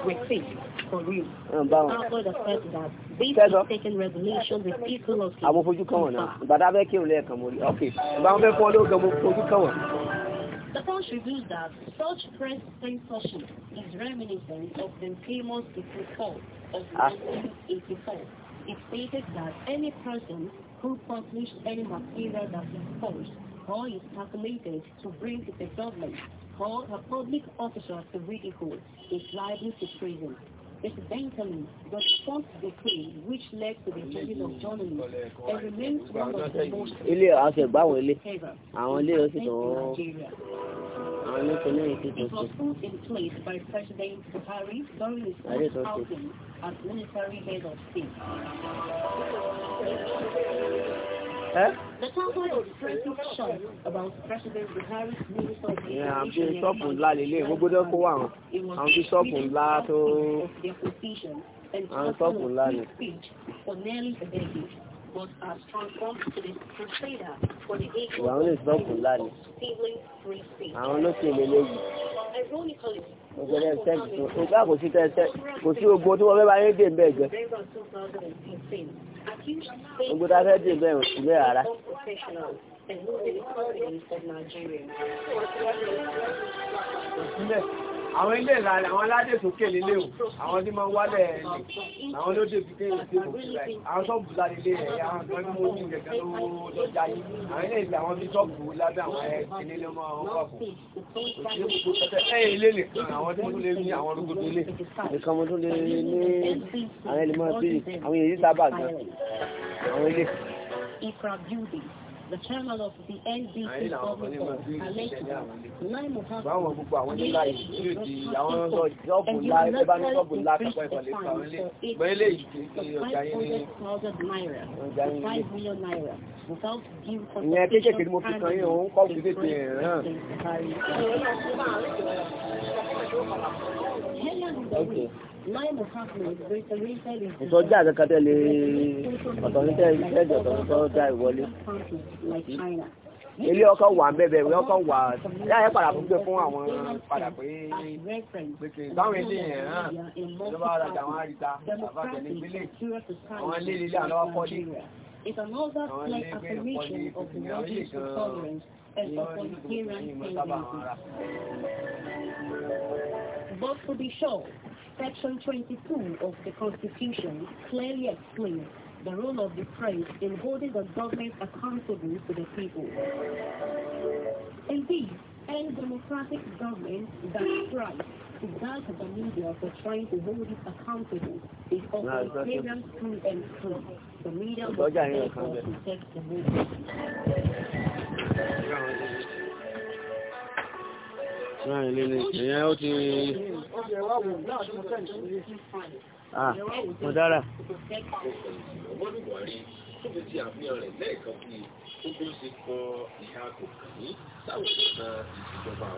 Speaker 3: were fake, for real. Um, the author that said that based on taken revelation, the people of King... Àwọn fojú kan wọ̀n náà, bàtà bẹ́ẹ̀ kí n lè kàn mórí. Ok, báwọn fẹ́ fọ́ lóògùn mo fojú kan wọ̀n. The punch reveals that such press censorship is reminiscent of the famous ah. 84 of 1984. It stated that any person who published any material that is false call is calculated to bring the government or a public officer to ridicule is liable to prison. It's Benjamin, the first decree which led to the changes of journalists and remains one of the most ilé ọ̀sẹ̀ báwo It was put in place by President Buhari during his first outing as military head of state. Eh? The topic of pressing shock about President Buhari's minister of information. Àwọn bíṣọ́ọ̀pù ńlá lélẹ̀ gbogbo
Speaker 2: dẹ́ kó wà wọn. Àwọn bíṣọ́ọ̀pù ńlá tó. Àwọn
Speaker 3: bíṣọ́ọ̀pù ńlá ni. Àwọn bíṣọ́ọ̀pù ńlá ni. Àwọn ló sì lè léyìí. Ògbẹ́ni ẹ̀sẹ̀ kò sí ogun tí wọ́n
Speaker 2: fẹ́ bá yé dè ń bẹ̀ jẹ́.
Speaker 3: Ogun ta fẹ́ dè bẹ́ẹ̀ òsì bẹ́ẹ̀ rárá.
Speaker 1: Ìpínlẹ̀
Speaker 2: àwọn ilé ìlànà àwọn aládé sókè nílé o àwọn tí máa wálẹ̀ ẹ̀ẹ́nì àwọn ló dé fi kéèrè sí òkú rẹ̀ àwọn sọ́ọ̀bù láti ilé ẹ̀yà àwọn tó ń mú ní gẹ̀gẹ́ lọ́jà
Speaker 3: yìí àwọn ilé ìlànà
Speaker 2: àwọn tí sọ́ọ̀bù lábẹ́ àwọn ẹ̀ẹ́nì
Speaker 3: lé mọ́ àwọn pàpọ̀ òṣìṣẹ́ ilé nìkan àwọn tí wọ́n lè ní àwọn rúgudu ilé nǹkan mo tún lè ní àwọn ẹlẹ́mọ̀ bíi àwọn èyí sábà gan àwọn ilé. The channel of the NDC
Speaker 2: Báwọn gbogbo àwọn nílá ìlú ti àwọn ọ̀pọ̀ ńlá ẹbá ní ọ̀pọ̀ ńlá àpapọ̀ ìfàlẹ̀ ìfàwọn ilé. Gbẹ́lẹ̀ yìí ti ọjà yìí ní
Speaker 3: ọjà yìí ní. Ìyẹn kéékèèké ni mo fi kan yín òun kọ́ fi tètè ràn. Okay ìtọ́ já àkẹ́kẹ́ lè ọ̀tọ̀ ní tẹ́ẹ̀jẹ̀ ọ̀tọ̀ ní tọ́ já ìwọlé ilé ọkọ̀ wà ń bẹ̀bẹ̀ ìwé ọkọ̀ wà láyé padà fún pé fún àwọn padà pé báwọn ilé yẹn náà ló bá rajà wọn àríta àbájẹ ní ìpínlẹ̀ àwọn ilé ilé àlọ́ kọ́lé àwọn ilé ìgbé kọ́lé ìpínlẹ̀ àwọn ilé gan-an and upon hearing Both to be sure Section 22 of the Constitution clearly explains the role of the press in holding the government accountable to the people. Indeed, any democratic government that tries to guard the media for trying to hold it accountable is often programmed through and through. The media able to protect the media. láàrin ìyẹn ó ti
Speaker 1: ah mo
Speaker 4: dára